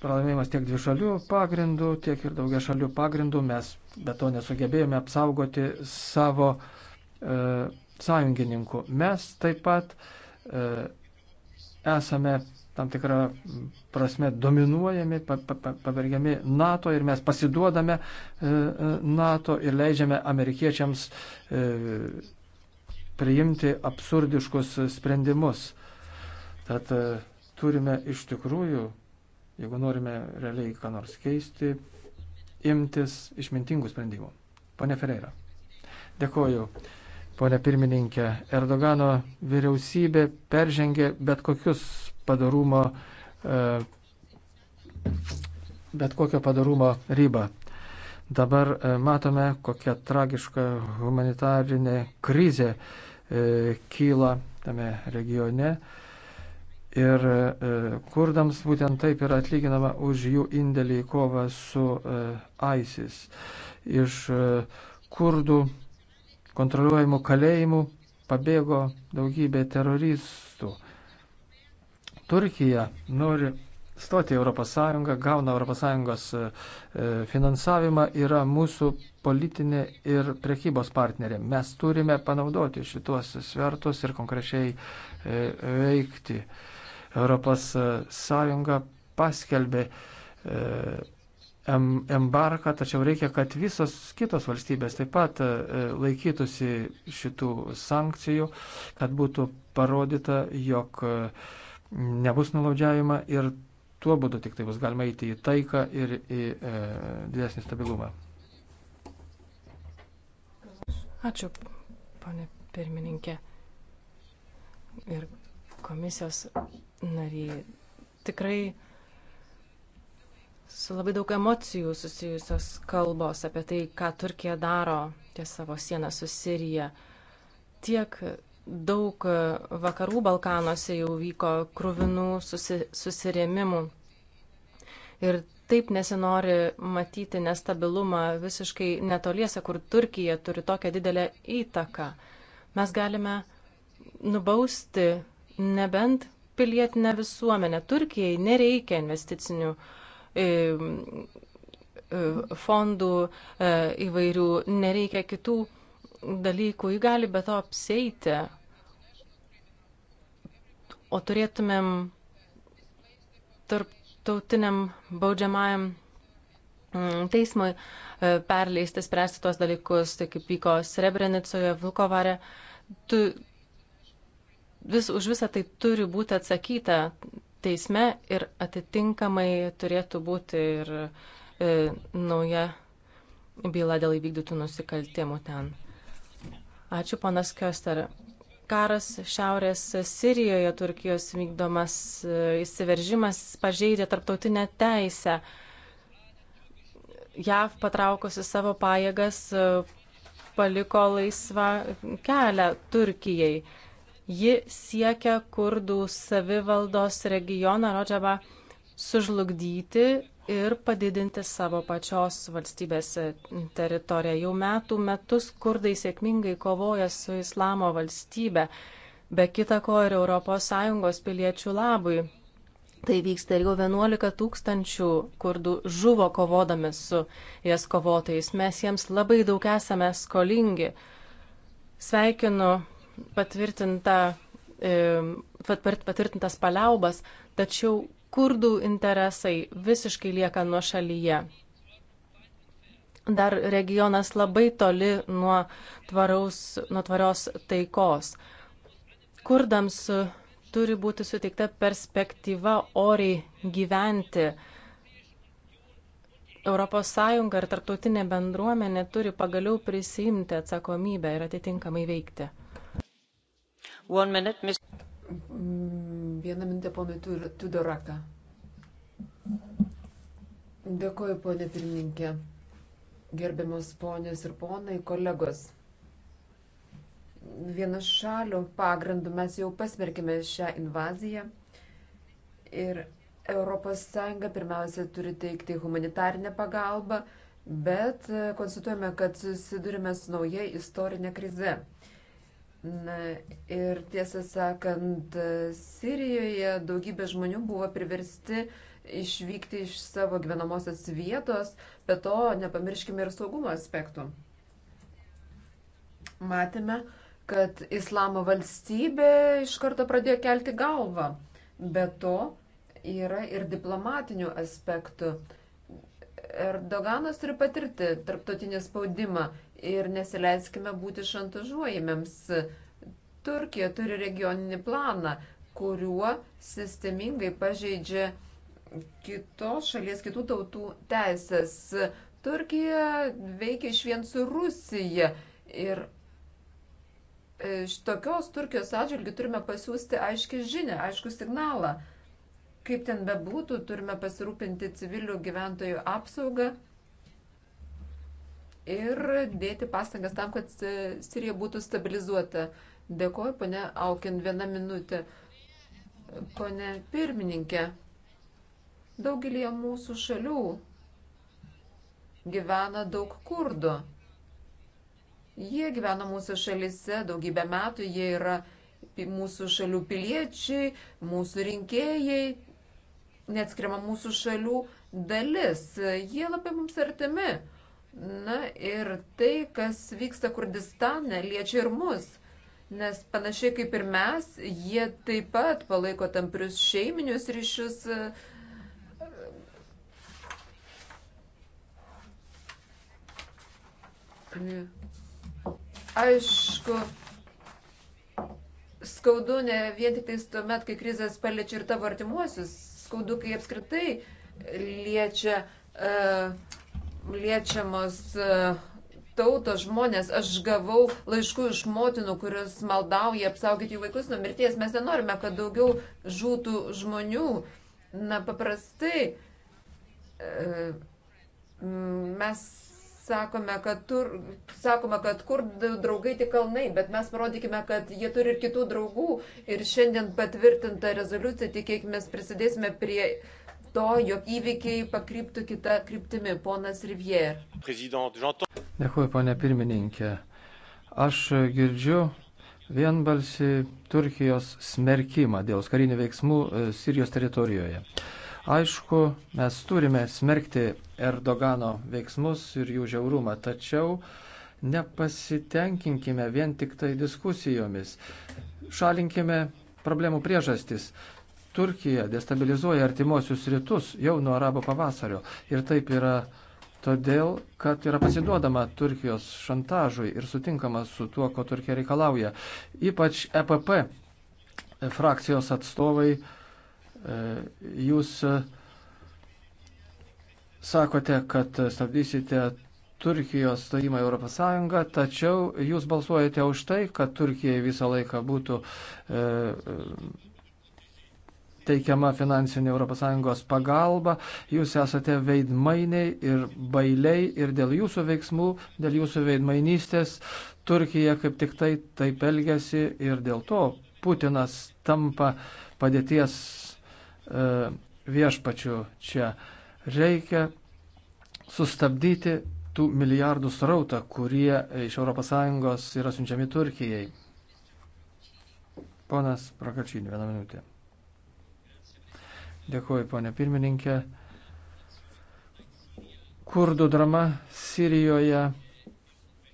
pralaimėjimas tiek dvišalių pagrindų, tiek ir daugia šalių pagrindų. Mes be to nesugebėjome apsaugoti savo e, sąjungininkų. Mes taip pat e, esame tam tikrą prasme dominuojami, pa, pa, pavergiami NATO ir mes pasiduodame e, e, NATO ir leidžiame amerikiečiams e, priimti absurdiškus sprendimus. Tad e, turime iš tikrųjų jeigu norime realiai ką nors keisti, imtis išmintingų sprendimų. Pone Ferreira. Dėkoju. Pone pirmininkė, Erdogano vyriausybė peržengė bet kokius padarumo, e, bet kokio padarumo ribą. Dabar e, matome, kokia tragiška humanitarinė krizė e, kyla tame regione. Ir e, kurdams būtent taip yra atlyginama už jų indėlį į kovą su e, ISIS. Iš e, kurdų kontroliuojamų kalėjimų pabėgo daugybė teroristų. Turkija nori stoti Europos Sąjungą, gauna Europos Sąjungos finansavimą, yra mūsų politinė ir prekybos partnerė. Mes turime panaudoti šitos svertus ir konkrečiai veikti. E, ES e, paskelbė e, embarką, tačiau reikia, kad visos kitos valstybės taip pat e, laikytųsi šitų sankcijų, kad būtų parodyta, jog nebus nulaudžiavima ir tuo būdu tik tai bus galima eiti į taiką ir į e, didesnį stabilumą. Ačiū, ponė pirmininkė. Ir komisijos nariai. Tikrai su labai daug emocijų susijusios kalbos apie tai, ką Turkija daro ties savo sieną su Sirija. Tiek daug vakarų Balkanuose jau vyko krūvinų susi, susirėmimų. Ir taip nesinori matyti nestabilumą visiškai netoliese, kur Turkija turi tokią didelę įtaką. Mes galime nubausti nebent pilietinę visuomenę. Turkijai nereikia investicinių e, e, fondų e, įvairių, nereikia kitų dalykų, jį gali be to apseiti. O turėtumėm tarptautiniam baudžiamajam mm, teismui e, perleisti, spręsti tuos dalykus, tai kaip vyko Srebrenicoje, Vukovare. Tu, vis, už visą tai turi būti atsakyta teisme ir atitinkamai turėtų būti ir e, nauja byla dėl įvykdytų nusikaltimų ten. Ačiū, panas Köster. Karas Šiaurės Sirijoje, Turkijos vykdomas e, įsiveržimas pažeidė tarptautinę teisę. JAV patraukusi savo pajėgas e, paliko laisvą kelią Turkijai Ji siekia kurdų savivaldos regioną Rodžabą sužlugdyti ir padidinti savo pačios valstybės teritoriją. Jau metų metus kurdai sėkmingai kovoja su islamo valstybe, be kita ko ir ES piliečių labui. Tai vyksta ir jau 11 tūkstančių kurdų žuvo kovodami su jas kovotojais. Mes jiems labai daug esame skolingi. Sveikinu patvirtinta, e, patvirtintas paliaubas, tačiau kurdų interesai visiškai lieka nuo šalyje. Dar regionas labai toli nuo, tvaraus, nuo tvarios taikos. Kurdams turi būti suteikta perspektyva oriai gyventi. ES ir tarptautinė bendruomenė turi pagaliau prisimti atsakomybę ir atitinkamai veikti. Minute, mm, Vieną minutę ponui Tudoraka. Dėkoju, ponė pirmininkė. Gerbiamos ponios ir ponai, kolegos. Vienašalių pagrindų mes jau pasmerkime šią invaziją ir ES pirmiausia turi teikti humanitarinę pagalbą, bet konstatuojame, kad susidurime su nauja istorinė krize. Na ir tiesą sakant, Sirijoje daugybė žmonių buvo priversti išvykti iš savo gyvenamosios vietos, bet to nepamirškime ir saugumo aspektų. Matėme, kad islamo valstybė iš karto pradėjo kelti galvą. Be to yra ir diplomatinių aspektų. Erdoganas turi patirti tarptautinį spaudimą ir nesileiskime būti šantažuojamiems. Turkija turi regioninį planą, kuriuo sistemingai pažeidžia kitos šalies, kitų tautų teisės. Turkija veikia iš vien su Rusija ir e, tokios Turkijos atžvilgių turime pasiūsti aiškį žinę, aišku signalą. Kaip ten bebūtų, turime pasirūpinti civilių gyventojų apsaugą ir dėti pastangas tam, kad Sirija būtų stabilizuota. Dėkoju, ponė Aukin, vieną minutę. Pone pirmininkė, daugelį mūsų šalių gyvena daug kurdų. Jie gyvena mūsų šalise daugybę metų, jie yra mūsų šalių piliečiai, mūsų rinkėjai, neatskiriama mūsų šalių dalis. Jie labai mums artimi. Na ir tai, kas vyksta Kurdistane, liečia ir mus, nes panašiai kaip ir mes, jie taip pat palaiko tamprius šeiminius ryšius. E, aišku, skaudu ne vien tik tais tuomet, kai krizės paliečia ir tavo artimuosius, skaudu, kai apskritai liečia uh, liečiamos e, tautos žmonės. Aš gavau laiškų iš motinų, kurios maldauja apsaugoti jų vaikus nuo mirties. Mes nenorime, kad daugiau žūtų žmonių. Na, paprastai e, mes sakome, kad, tur, sakome, kad kurdų draugai tik kalnai, bet mes parodykime, kad jie turi ir kitų draugų. Ir šiandien patvirtinta rezoliucija, tikėkime, prisidėsime prie to, jog įvykiai pakryptų kitą kryptimį. Ponas Rivier. Dėkuoju, ponė pirmininkė. Aš girdžiu vienbalsi Turkijos smerkimą dėl karinių veiksmų e, Sirijos teritorijoje. Aišku, mes turime smerkti Erdogano veiksmus ir jų žiaurumą, tačiau nepasitenkinkime vien tik tai diskusijomis. Šalinkime problemų priežastis. Turkija destabilizuoja artimuosius rytus jau nuo arabo pavasario. Ir taip yra todėl, kad yra pasiduodama Turkijos šantažui ir sutinkama su tuo, ko Turkija reikalauja. Ypač EPP frakcijos atstovai, e, jūs e, sakote, kad stabdysite Turkijos stojimą į Europos Sąjungą, tačiau jūs balsuojate už tai, kad Turkijai visą laiką būtų e, teikiama finansinė ES pagalba, jūs esate veidmainiai ir bailiai ir dėl jūsų veiksmų, dėl jūsų veidmainystės Turkija kaip tik tai taip elgesi ir dėl to Putinas tampa padėties e, viešpačių čia. Reikia sustabdyti tų milijardų srautą, kurie iš ES yra siunčiami Turkijai. Ponas Prakačin, vieną minutę. Dėkuoju, ponė pirmininkė. Kurdų drama Sirijoje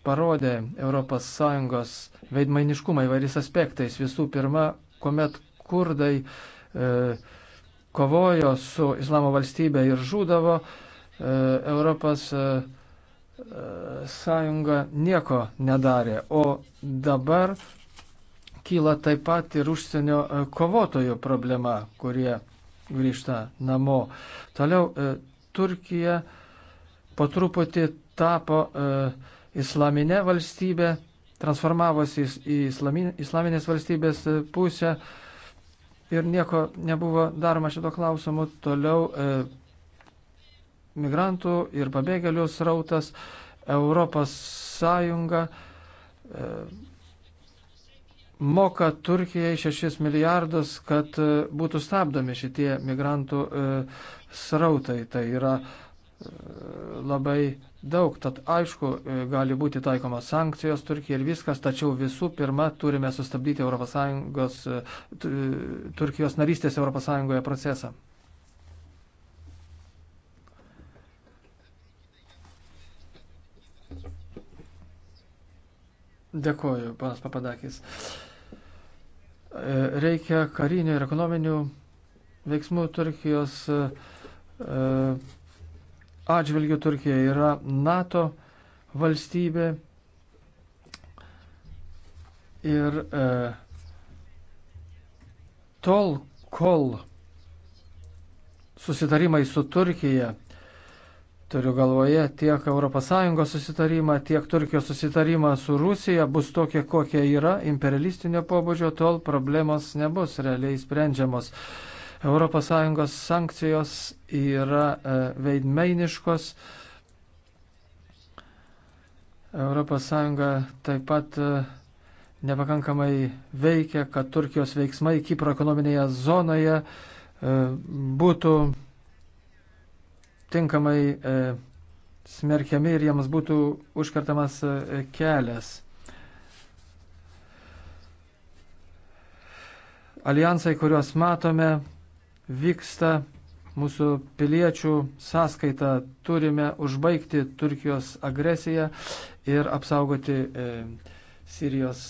parodė ES veidmainiškumą įvairiais aspektais. Visų pirma, kuomet kurdai e, kovojo su Islamo valstybė ir žūdavo, e, Europos e, e, sąjunga nieko nedarė. O dabar kyla taip pat ir užsienio e, kovotojų problema, kurie grįžta namo. Toliau e, Turkija po truputį tapo e, islaminė valstybė, transformavosi į islamin, islaminės valstybės e, pusę ir nieko nebuvo daroma šito klausimu. Toliau e, migrantų ir pabėgėlių srautas, Europos Sąjunga. E, moka Turkijai 6 milijardus, kad e, būtų stabdomi šitie migrantų e, srautai. Tai yra e, labai daug. Tad aišku, gali būti taikomas sankcijos Turkijai ir viskas, tačiau visų pirma turime sustabdyti ES, Turkijos narystės ES procesą. Dėkuoju, panas Papadakis. E, reikia karinių ir ekonominių veiksmų Turkijos e, e, atžvilgių. Turkija yra NATO valstybė ir tol, kol susitarimai su Turkija Turiu galvoje tiek ES susitarimą, tiek Turkijos susitarimą su Rusija bus tokie, kokie yra, imperialistinio pobūdžio, tol problemos nebus realiai sprendžiamos. ES sankcijos yra e, veidmeiniškos. ES taip pat e, nepakankamai veikia, kad Turkijos veiksmai Kipro ekonominėje zonoje e, būtų tinkamai e, smerkiami ir jiems būtų užkartamas e, kelias. Alijansai, kuriuos matome, vyksta mūsų piliečių sąskaita. Turime užbaigti Turkijos agresiją ir apsaugoti e, Sirijos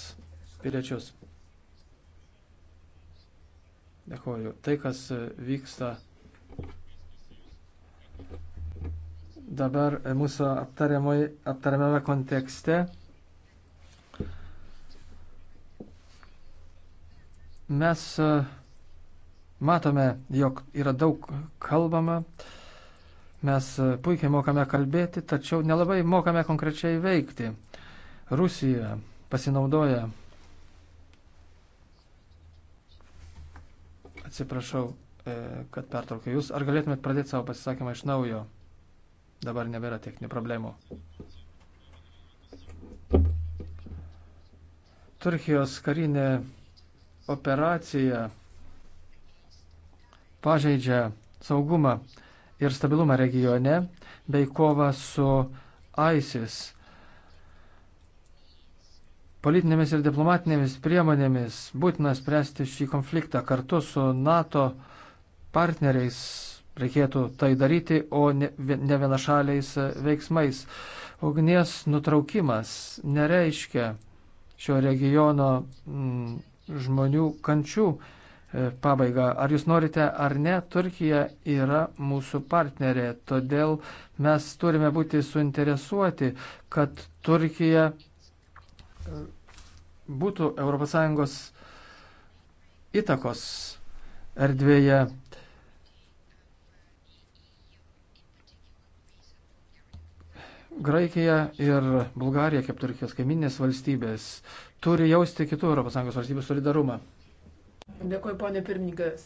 piliečius. Dėkuoju. Tai, kas e, vyksta Dabar mūsų aptariamame kontekste mes e, matome, jog yra daug kalbama, mes e, puikiai mokame kalbėti, tačiau nelabai mokame konkrečiai veikti. Rusija pasinaudoja atsiprašau, E, kad pertraukiu jūs. Ar galėtumėt pradėti savo pasisakymą iš naujo? Dabar nebėra techninių problemų. Turkijos karinė operacija pažeidžia saugumą ir stabilumą regione bei kovą su ISIS. Politinėmis ir diplomatinėmis priemonėmis būtina spręsti šį konfliktą kartu su NATO partneriais reikėtų tai daryti, o ne, ne vienašaliais e, veiksmais. Ugnies nutraukimas nereiškia šio regiono m, mm, žmonių kančių e, pabaigą. Ar jūs norite ar ne, Turkija yra mūsų partnerė, todėl mes turime būti suinteresuoti, kad Turkija e, būtų ES įtakos erdvėje Graikija ir Bulgarija, kaip Turkijos kaiminės valstybės, turi jausti kitų ES valstybių solidarumą. Dėkuoju, ponė pirmininkas.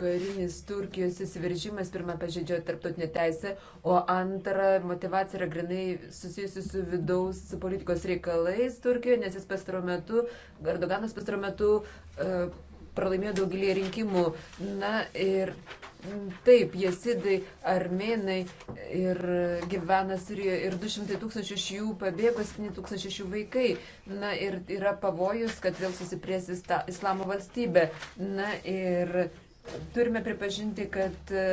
Karinis Turkijos įsiveržimas pirmą pažeidžia tarptautinę teisę, o antra motivacija yra grinai susijusi su vidaus politikos reikalais Turkijoje, nes jis pastaro metu, Erdoganas pastaro metu e, pralaimėjo daugelį rinkimų. Na ir Taip, jesidai, armenai ir gyvena Sirijoje ir 200 tūkstančių iš jų pabėgo, 7 tūkstančių iš jų vaikai. Na ir yra pavojus, kad vėl susiprės islamo valstybė. Na ir turime pripažinti, kad e,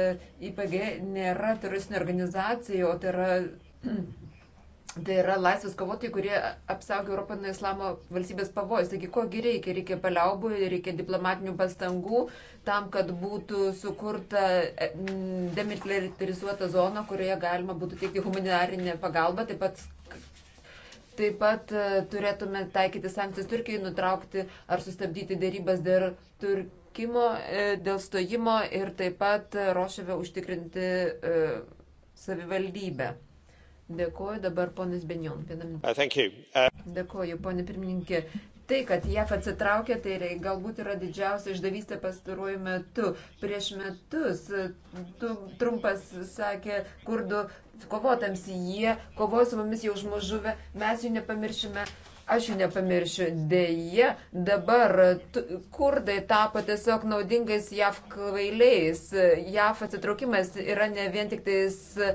IPG nėra teroristinė organizacija, o tai yra Tai yra laisvės kovotojai, kurie apsaugo Europą nuo islamo valstybės pavojus. Taigi, kogi reikia? Reikia paliaubų, reikia diplomatinių pastangų tam, kad būtų sukurta e, demilitarizuota zona, kurioje galima būtų teikti humanitarinę pagalbą, taip pat Taip pat e, turėtume taikyti sankcijas Turkijai, nutraukti ar sustabdyti dėrybas dėl Turkimo, e, dėl stojimo ir taip pat Rošėvę užtikrinti savivaldybę. Dėkuoju dabar ponas Benjon. Vienam... Uh... uh Dėkuoju, ponė pirmininkė. Tai, kad JAF atsitraukė, tai galbūt yra didžiausia išdavystė pastaruoju metu. Prieš metus uh, tu, Trumpas sakė kurdų kovotams, jie kovoja su mumis jau žmožuvę, mes jų nepamiršime, Aš jų nepamiršiu. Deja, dabar kurdai tapo tiesiog naudingais JAV kvailiais. JAV atsitraukimas yra ne vien tik tais e,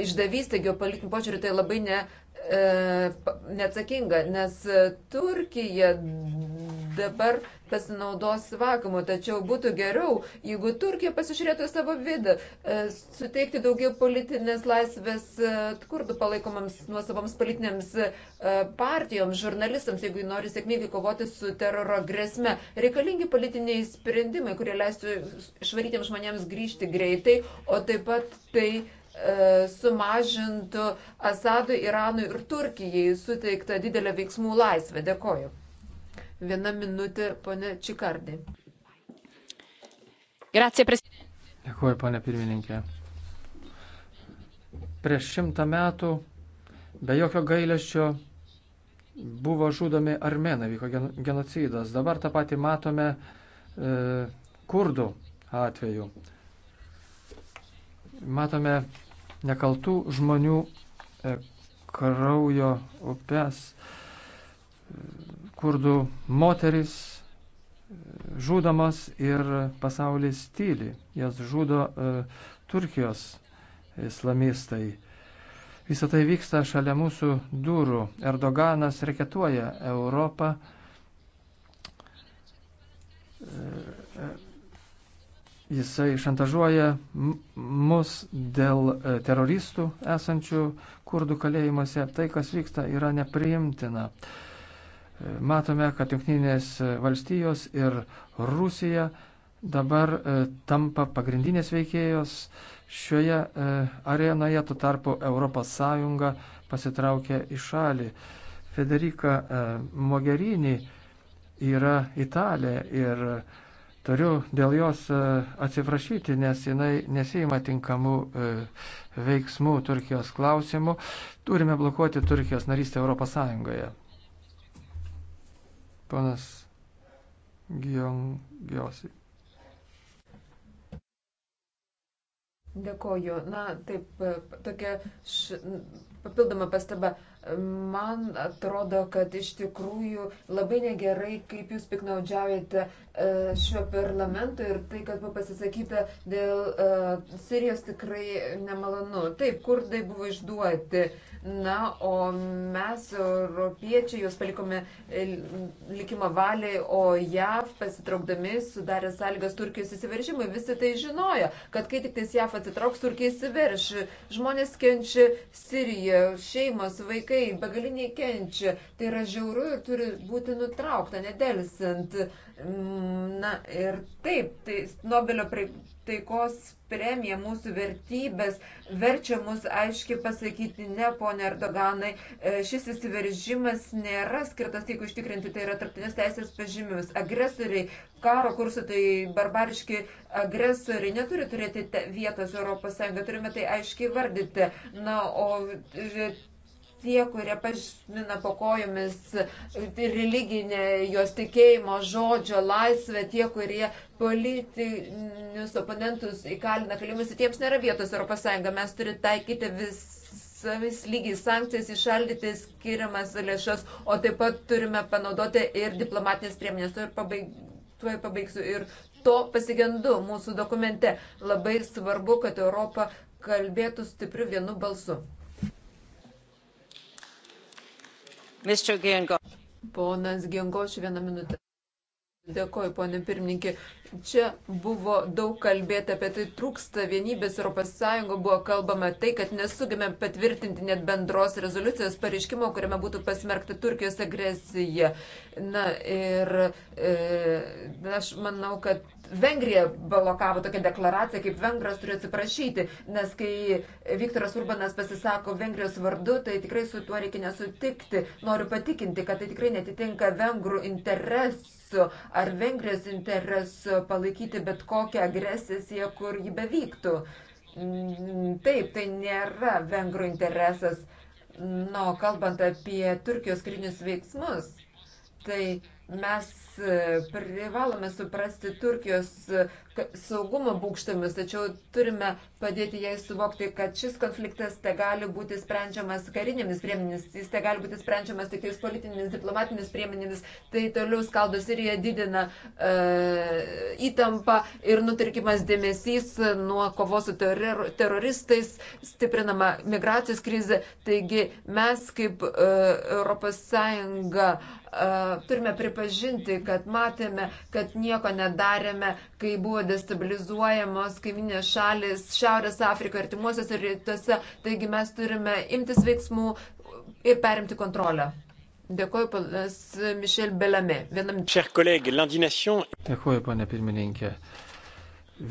išdavystė geopolitinių požiūrių, tai labai ne E, neatsakinga, nes Turkija dabar pasinaudos vakumu, tačiau būtų geriau, jeigu Turkija pasižiūrėtų savo vidą, e, suteikti daugiau politinės laisvės e, kurdų palaikomams nuosavoms politinėms partijoms, žurnalistams, jeigu nori sėkmingai kovoti su teroro grėsme. Reikalingi politiniai sprendimai, kurie leistų išvarytiems žmonėms grįžti greitai, o taip pat tai E, sumažintų Asadui, Iranui ir Turkijai suteikta didelė veiksmų laisvė. Dėkoju. Viena minutė, ponė Čikardė. Dėkuoju, ponė pirmininkė. Prieš šimtą metų be jokio gailesčio buvo žudomi armenai, vyko genocidas. Dabar tą patį matome e, kurdų atveju. Matome nekaltų žmonių e, kraujo upes. Kurdų moteris e, žudomas ir pasaulis tyli. Jas žudo e, Turkijos islamistai. Visą tai vyksta šalia mūsų durų. Erdoganas reketuoja Europą. E, e, Jisai šantažuoja mus dėl e, teroristų esančių kurdų kalėjimuose. Tai, kas vyksta, yra nepriimtina. E, matome, kad Junktinės valstijos ir Rusija dabar e, tampa pagrindinės veikėjos šioje arenoje, tuo tarpu ES pasitraukė į šalį. Federika Mogherini yra italė ir Turiu dėl jos e, atsiprašyti, nes jinai nesijima tinkamų e, veiksmų Turkijos klausimų. Turime blokuoti Turkijos narystę Europos Sąjungoje. Ponas Giongiausiai. Dėkoju. Na, taip, e, tokia š... papildoma pastaba. Man atrodo, kad iš tikrųjų labai negerai, kaip jūs piknaudžiaujate e, šio parlamento ir tai, kad buvo pasisakyta dėl uh, Sirijos tikrai nemalonu. Taip, kurdai buvo išduoti. Na, o mes, europiečiai, juos palikome e, likimo valiai, o JAV pasitraukdami sudarė sąlygas Turkijos įsiveržimui. Visi tai žinojo, kad kai tik tais JAV atsitrauks, Turkija įsiverš. Žmonės kenčia Siriją, šeimos, vaikai vaikai begaliniai kenčia. Tai yra žiauru ir turi būti nutraukta, nedelsint. Mm, na ir taip, tai Nobelio taikos premija, mūsų vertybės verčia mus aiškiai pasakyti, ne, ponė Erdoganai, e, šis įsiveržimas nėra skirtas tik užtikrinti, tai yra tarptinės teisės pažymius. Agresoriai, karo kursų, tai barbariški agresoriai neturi turėti vietos ES, turime tai aiškiai vardyti. Na, o e, tie, kurie pažmina po kojomis religinę jos tikėjimo žodžio laisvę, tie, kurie politinius oponentus įkalina kalėjimus, tai tiems nėra vietos Europos Sąjunga. Mes turime taikyti visomis lygiai sankcijas, išaldyti skiriamas lėšas, o taip pat turime panaudoti ir diplomatinės priemonės. Tuo ir pabaig... Tuo pabaigsiu. Ir to pasigendu mūsų dokumente. Labai svarbu, kad Europa kalbėtų stipriu vienu balsu. Ponas Gengoš, vieną minutę. Dėkoju, ponė pirmininkė. Čia buvo daug kalbėta apie tai, trūksta vienybės Europos Sąjungo, buvo kalbama tai, kad nesugėme patvirtinti net bendros rezoliucijos pareiškimo, kuriame būtų pasmerkta Turkijos agresija. Na ir e, aš manau, kad Vengrija balokavo tokią deklaraciją, kaip Vengras turi atsiprašyti, nes kai Viktoras Urbanas pasisako Vengrijos vardu, tai tikrai su tuo reikia nesutikti. Noriu patikinti, kad tai tikrai netitinka Vengrų interesų interesų ar Vengrijos interesų palaikyti bet kokią agresiją, kur ji bevyktų. Mm, taip, tai nėra vengrų interesas. Nu, kalbant apie Turkijos karinius veiksmus, tai mes e, privalome suprasti Turkijos saugumo būkštomis, tačiau turime padėti jai suvokti, kad šis konfliktas te gali būti sprendžiamas karinėmis priemonėmis, jis te gali būti sprendžiamas tik tais politinėmis, diplomatinėmis priemonėmis, tai toliau skaldo Siriją didina e, įtampą ir nutarkimas dėmesys nuo kovos su teror, teroristais, stiprinama migracijos krizė. Taigi mes kaip e, Europos Sąjunga e, turime pripažinti, kad matėme, kad nieko nedarėme, kai buvo buvo destabilizuojamos kaiminės šalis Šiaurės Afrikoje, artimuosiuose rytuose. Taigi mes turime imtis veiksmų ir perimti kontrolę. Dėkuoju, panas Mišel Belame. Vienam... Dėkuoju, panė pirmininkė.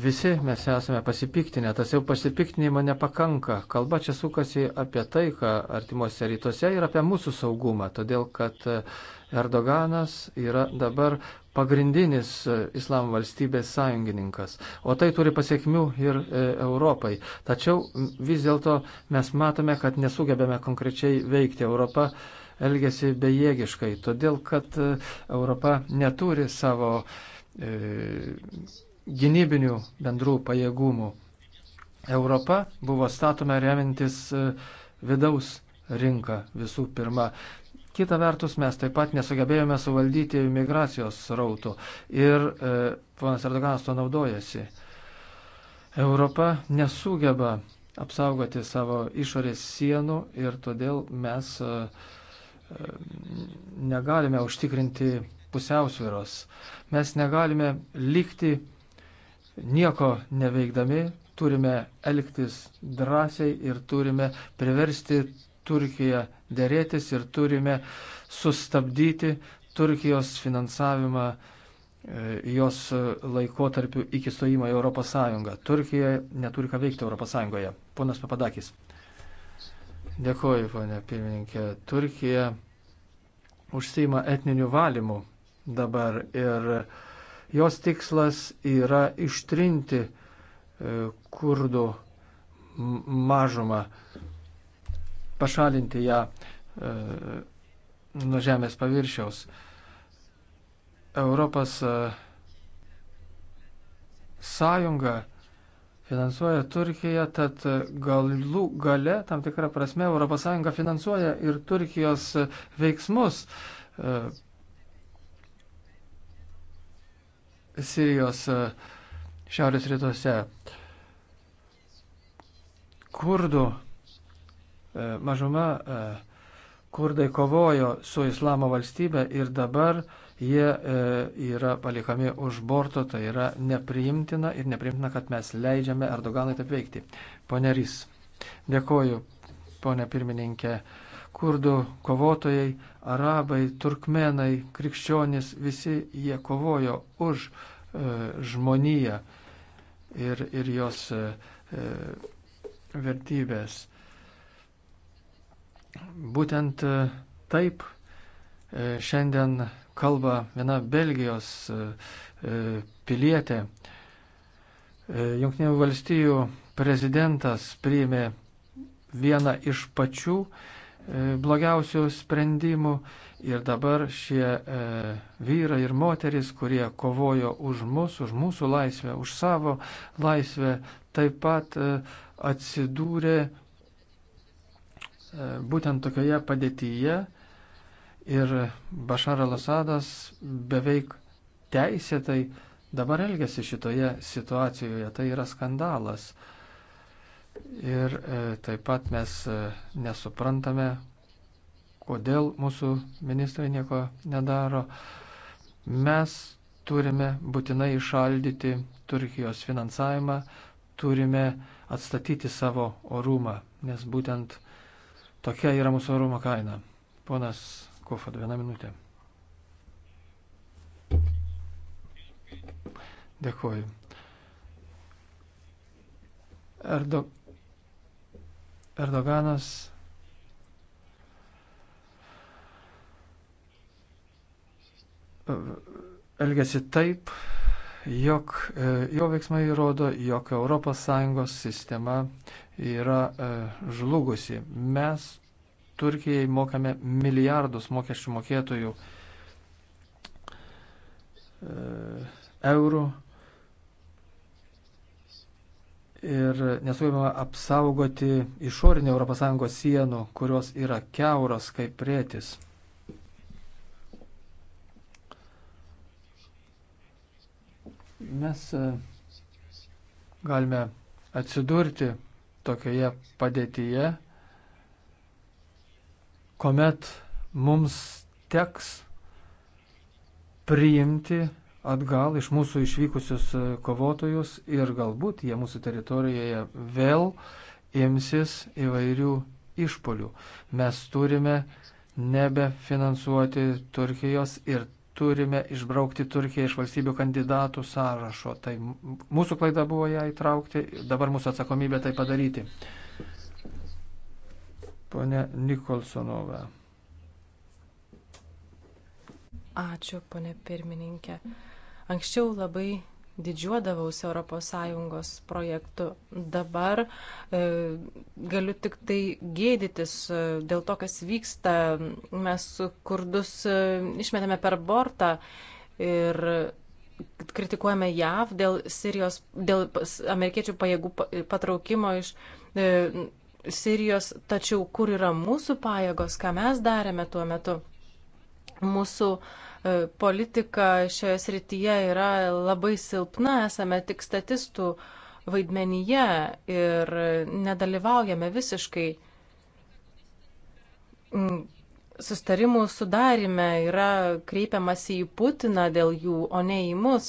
Visi mes esame pasipiktinę, tas jau pasipiktinimo nepakanka. Kalba čia sukasi apie taiką artimuose rytuose ir apie mūsų saugumą, todėl kad Erdoganas yra dabar pagrindinis e, islamo valstybės sąjungininkas, o tai turi pasiekmių ir e, Europai. Tačiau vis dėlto mes matome, kad nesugebėme konkrečiai veikti. Europa elgesi bejėgiškai, todėl kad e, Europa neturi savo e, gynybinių bendrų pajėgumų. Europa buvo statoma remintis e, vidaus rinka visų pirma. Kita vertus, mes taip pat nesugebėjome suvaldyti migracijos srautų ir e, ponas Erdoganas to naudojasi. Europa nesugeba apsaugoti savo išorės sienų ir todėl mes e, e negalime užtikrinti pusiausviros. Mes negalime likti nieko neveikdami, turime elgtis drąsiai ir turime priversti Turkija dėrėtis ir turime sustabdyti Turkijos finansavimą e, jos laikotarpiu iki stojimo į Europos Sąjungą. Turkija neturi ką veikti Europos Sąjungoje. Ponas Papadakis. Dėkuoju, ponė pirmininkė. Turkija užsima etniniu valymu dabar ir jos tikslas yra ištrinti e, kurdų mažumą pašalinti ją e, nuo žemės paviršiaus. Europos e, sąjunga finansuoja Turkiją, tad galų gale, tam tikrą prasme, ES finansuoja ir Turkijos veiksmus e, Sirijos šiaurės rytuose. Kurdų mažuma e, kurdai kovojo su islamo valstybe ir dabar jie e, yra palikami už borto, tai yra nepriimtina ir nepriimtina, kad mes leidžiame Erdoganui taip veikti. Pone Rys, dėkoju, ponė pirmininkė. Kurdų kovotojai, arabai, turkmenai, krikščionys, visi jie kovojo už e, žmoniją ir, ir jos e, e vertybės. Būtent e, taip e, šiandien kalba viena Belgijos e, pilietė. Junktinių valstijų prezidentas priėmė vieną iš pačių blogiausių sprendimų ir dabar šie vyrai ir moteris, kurie kovojo už mus, už mūsų laisvę, už savo laisvę, taip pat atsidūrė būtent tokioje padėtyje ir Bašar al-Assadas beveik teisėtai dabar elgesi šitoje situacijoje. Tai yra skandalas. Ir e, taip pat mes e, nesuprantame, kodėl mūsų ministrai nieko nedaro. Mes turime būtinai išaldyti Turkijos finansavimą, turime atstatyti savo orumą, nes būtent Tokia yra mūsų orumo kaina. Ponas Kofat, vieną minutę. Dėkuoju. Erdo... Erdoganas elgesi taip, jog e, jo veiksmai rodo, jog ES sistema yra e, žlugusi. Mes Turkijai mokame milijardus mokesčių mokėtojų e, eurų ir nesugebama apsaugoti išorinį ES sienų, kurios yra keuros kaip prietis. Mes e, galime atsidurti tokioje padėtyje, kuomet mums teks priimti atgal iš mūsų išvykusius e, kovotojus ir galbūt jie mūsų teritorijoje vėl imsis įvairių išpolių. Mes turime nebefinansuoti Turkijos ir turime išbraukti Turkiją iš valstybių kandidatų sąrašo. Tai mūsų klaida buvo ją įtraukti, dabar mūsų atsakomybė tai padaryti. Pone Nikolsonova. Ačiū, pone pirmininkė. Anksčiau labai didžiuodavausi ES projektu. Dabar e, galiu tik tai gėdytis e, dėl to, kas vyksta. Mes kurdus e, išmetame per bortą ir kritikuojame JAV dėl Sirijos, dėl amerikiečių pajėgų patraukimo iš. E, Sirijos, tačiau kur yra mūsų pajėgos, ką mes darėme tuo metu? Mūsų uh, E, politika šioje srityje yra labai silpna, esame tik statistų vaidmenyje ir nedalyvaujame visiškai. Mm, sustarimų sudarime yra kreipiamasi į Putiną dėl jų, o ne į mus.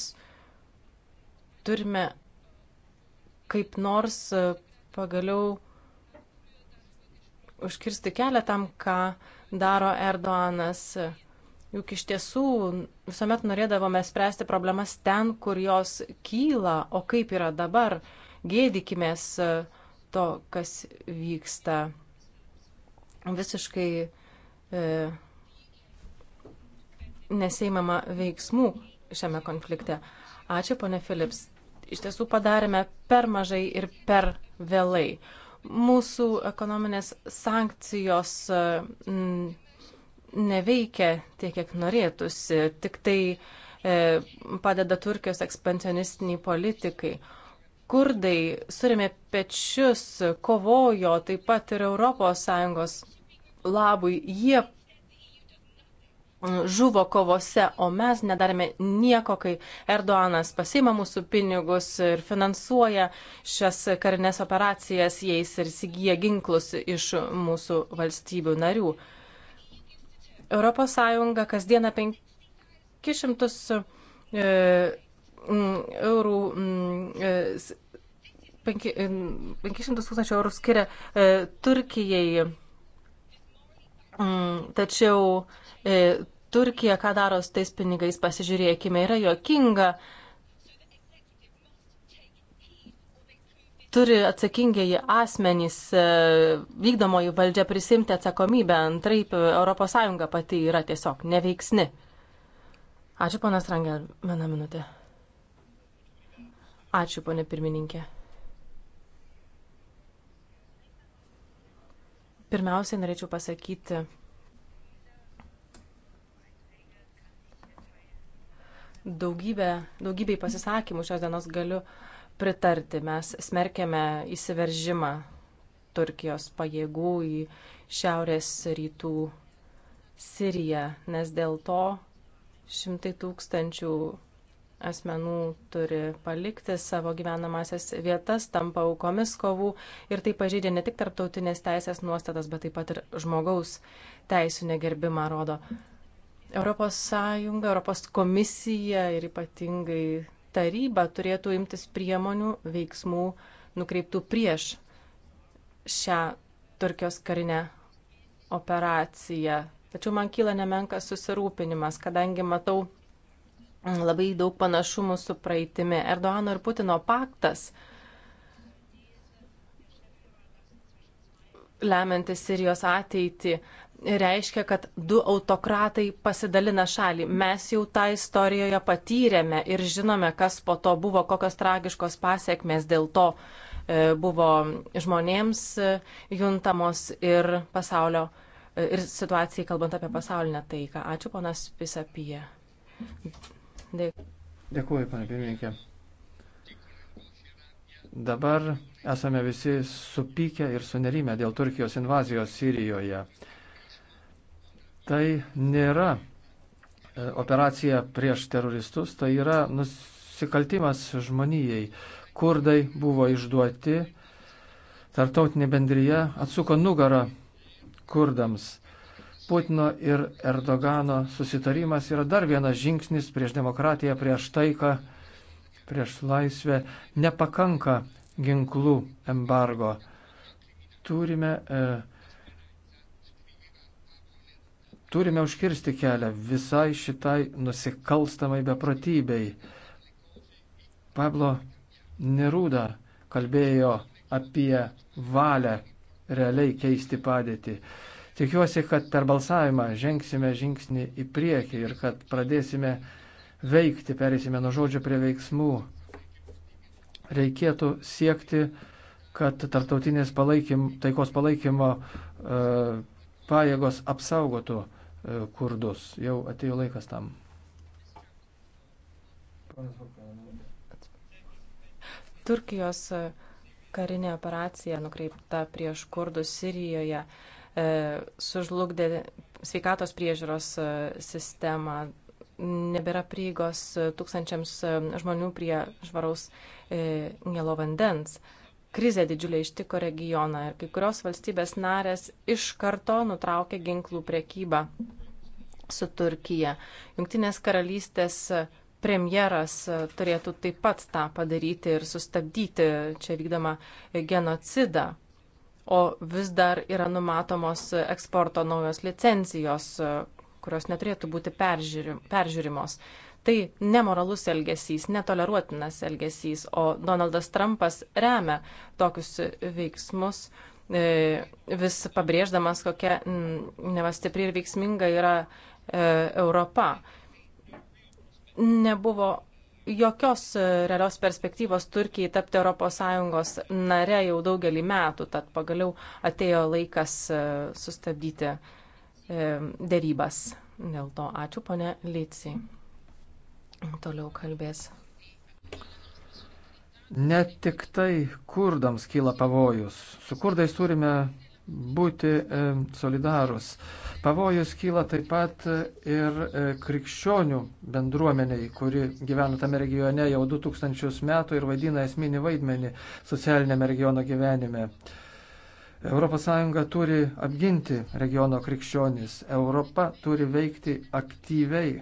Turime kaip nors e, pagaliau užkirsti kelią tam, ką daro Erdoanas. Juk iš tiesų visuomet norėdavome spręsti problemas ten, kur jos kyla, o kaip yra dabar, gėdikimės e, to, kas vyksta. Visiškai e, neseimama veiksmų šiame konflikte. Ačiū, ponė Philips. Iš tiesų padarėme per mažai ir per vėlai. Mūsų ekonominės sankcijos. E, m, neveikia tiek, kiek norėtųsi, tik tai e, padeda Turkijos ekspansionistiniai politikai. Kurdai surėmė pečius, kovojo taip pat ir ES labui. Jie žuvo kovose, o mes nedarėme nieko, kai Erdoanas pasima mūsų pinigus ir finansuoja šias karinės operacijas jais ir įsigyja ginklus iš mūsų valstybių narių. Europos Sąjunga kasdieną 500 e, eurų 500 e, e, tūkstančių eurų skiria e, Turkijai. Mm, tačiau e, Turkija, ką daro su tais pinigais, pasižiūrėkime, yra jokinga. E, turi atsakingieji asmenys e, vykdomoji valdžia prisimti atsakomybę, antraip ES pati yra tiesiog neveiksni. Ačiū, ponas Rangel, vieną minutę. Ačiū, ponė pirmininkė. Pirmiausiai norėčiau pasakyti, daugybę, daugybei pasisakymų šios dienos galiu uh, pritarti. Mes smerkėme įsiveržimą Turkijos pajėgų į šiaurės rytų Siriją, nes dėl to šimtai tūkstančių asmenų turi palikti savo gyvenamasias vietas, tampa aukomis kovų ir tai pažydė ne tik tarptautinės teisės nuostatas, bet taip pat ir žmogaus teisų negerbimą rodo. Europos Sąjunga, Europos komisija ir ypatingai taryba turėtų imtis priemonių, veiksmų nukreiptų prieš šią Turkijos karinę operaciją. Tačiau man kyla nemenkas susirūpinimas, kadangi matau labai daug panašumų su praeitimi. Erdoano ir Putino paktas, lemiantis Sirijos ateitį, reiškia, kad du autokratai pasidalina šalį. Mes jau tą istorijoje patyrėme ir žinome, kas po to buvo, kokios tragiškos pasiekmes dėl to e, buvo žmonėms e, juntamos ir pasaulio, e, ir situacijai kalbant apie pasaulinę taiką. Ačiū, ponas Pisapija. Dėkui. Dėkuoju, panė pirmininkė. Dabar esame visi supykę ir sunerimę dėl Turkijos invazijos Sirijoje tai nėra e, operacija prieš teroristus, tai yra nusikaltimas žmonijai. Kurdai buvo išduoti, tartautinė bendryje atsuko nugarą kurdams. Putino ir Erdogano susitarimas yra dar vienas žingsnis prieš demokratiją, prieš taiką, prieš laisvę. Nepakanka ginklų embargo. Turime e, Turime užkirsti kelią visai šitai nusikalstamai beprotybei. Pablo Neruda kalbėjo apie valią realiai keisti padėtį. Tikiuosi, kad per balsavimą žengsime žingsnį į priekį ir kad pradėsime veikti, perėsime nuo žodžio prie veiksmų. Reikėtų siekti, kad tarptautinės palaikym, taikos palaikymo e, pajėgos apsaugotų E, kurdus. Jau atėjo laikas tam. Turkijos e, karinė operacija nukreipta prieš kurdus Sirijoje e, sužlugdė sveikatos priežiūros e, sistemą, nebėra prieigos tūkstančiams žmonių prie žvaraus e, gėlo vandens. E, Krizė didžiulė ištiko regioną ir kai kurios valstybės narės iš karto nutraukė ginklų priekybą su Turkija. Junktinės karalystės premjeras turėtų taip pat tą padaryti ir sustabdyti čia vykdomą genocidą. O vis dar yra numatomos eksporto naujos licencijos, kurios neturėtų būti peržiūrimos. Tai nemoralus elgesys, netoleruotinas elgesys, o Donaldas Trumpas remia tokius veiksmus, e, vis pabrėždamas, kokia mm, nevastipri ir veiksminga yra e, Europa. Nebuvo jokios e, realios perspektyvos Turkijai tapti ES nare jau daugelį metų, tad pagaliau atėjo laikas sustabdyti dėrybas. Dėl to ačiū, ponė Lycijai. Toliau kalbės. Ne tik tai kurdams kyla pavojus. Su kurdais turime būti e, solidarus. Pavojus kyla taip pat e, ir e, krikščionių bendruomeniai, kuri gyvena tame regione jau 2000 metų ir vaidina esminį vaidmenį socialinėme regiono gyvenime. ES turi apginti regiono krikščionis. Europa turi veikti aktyviai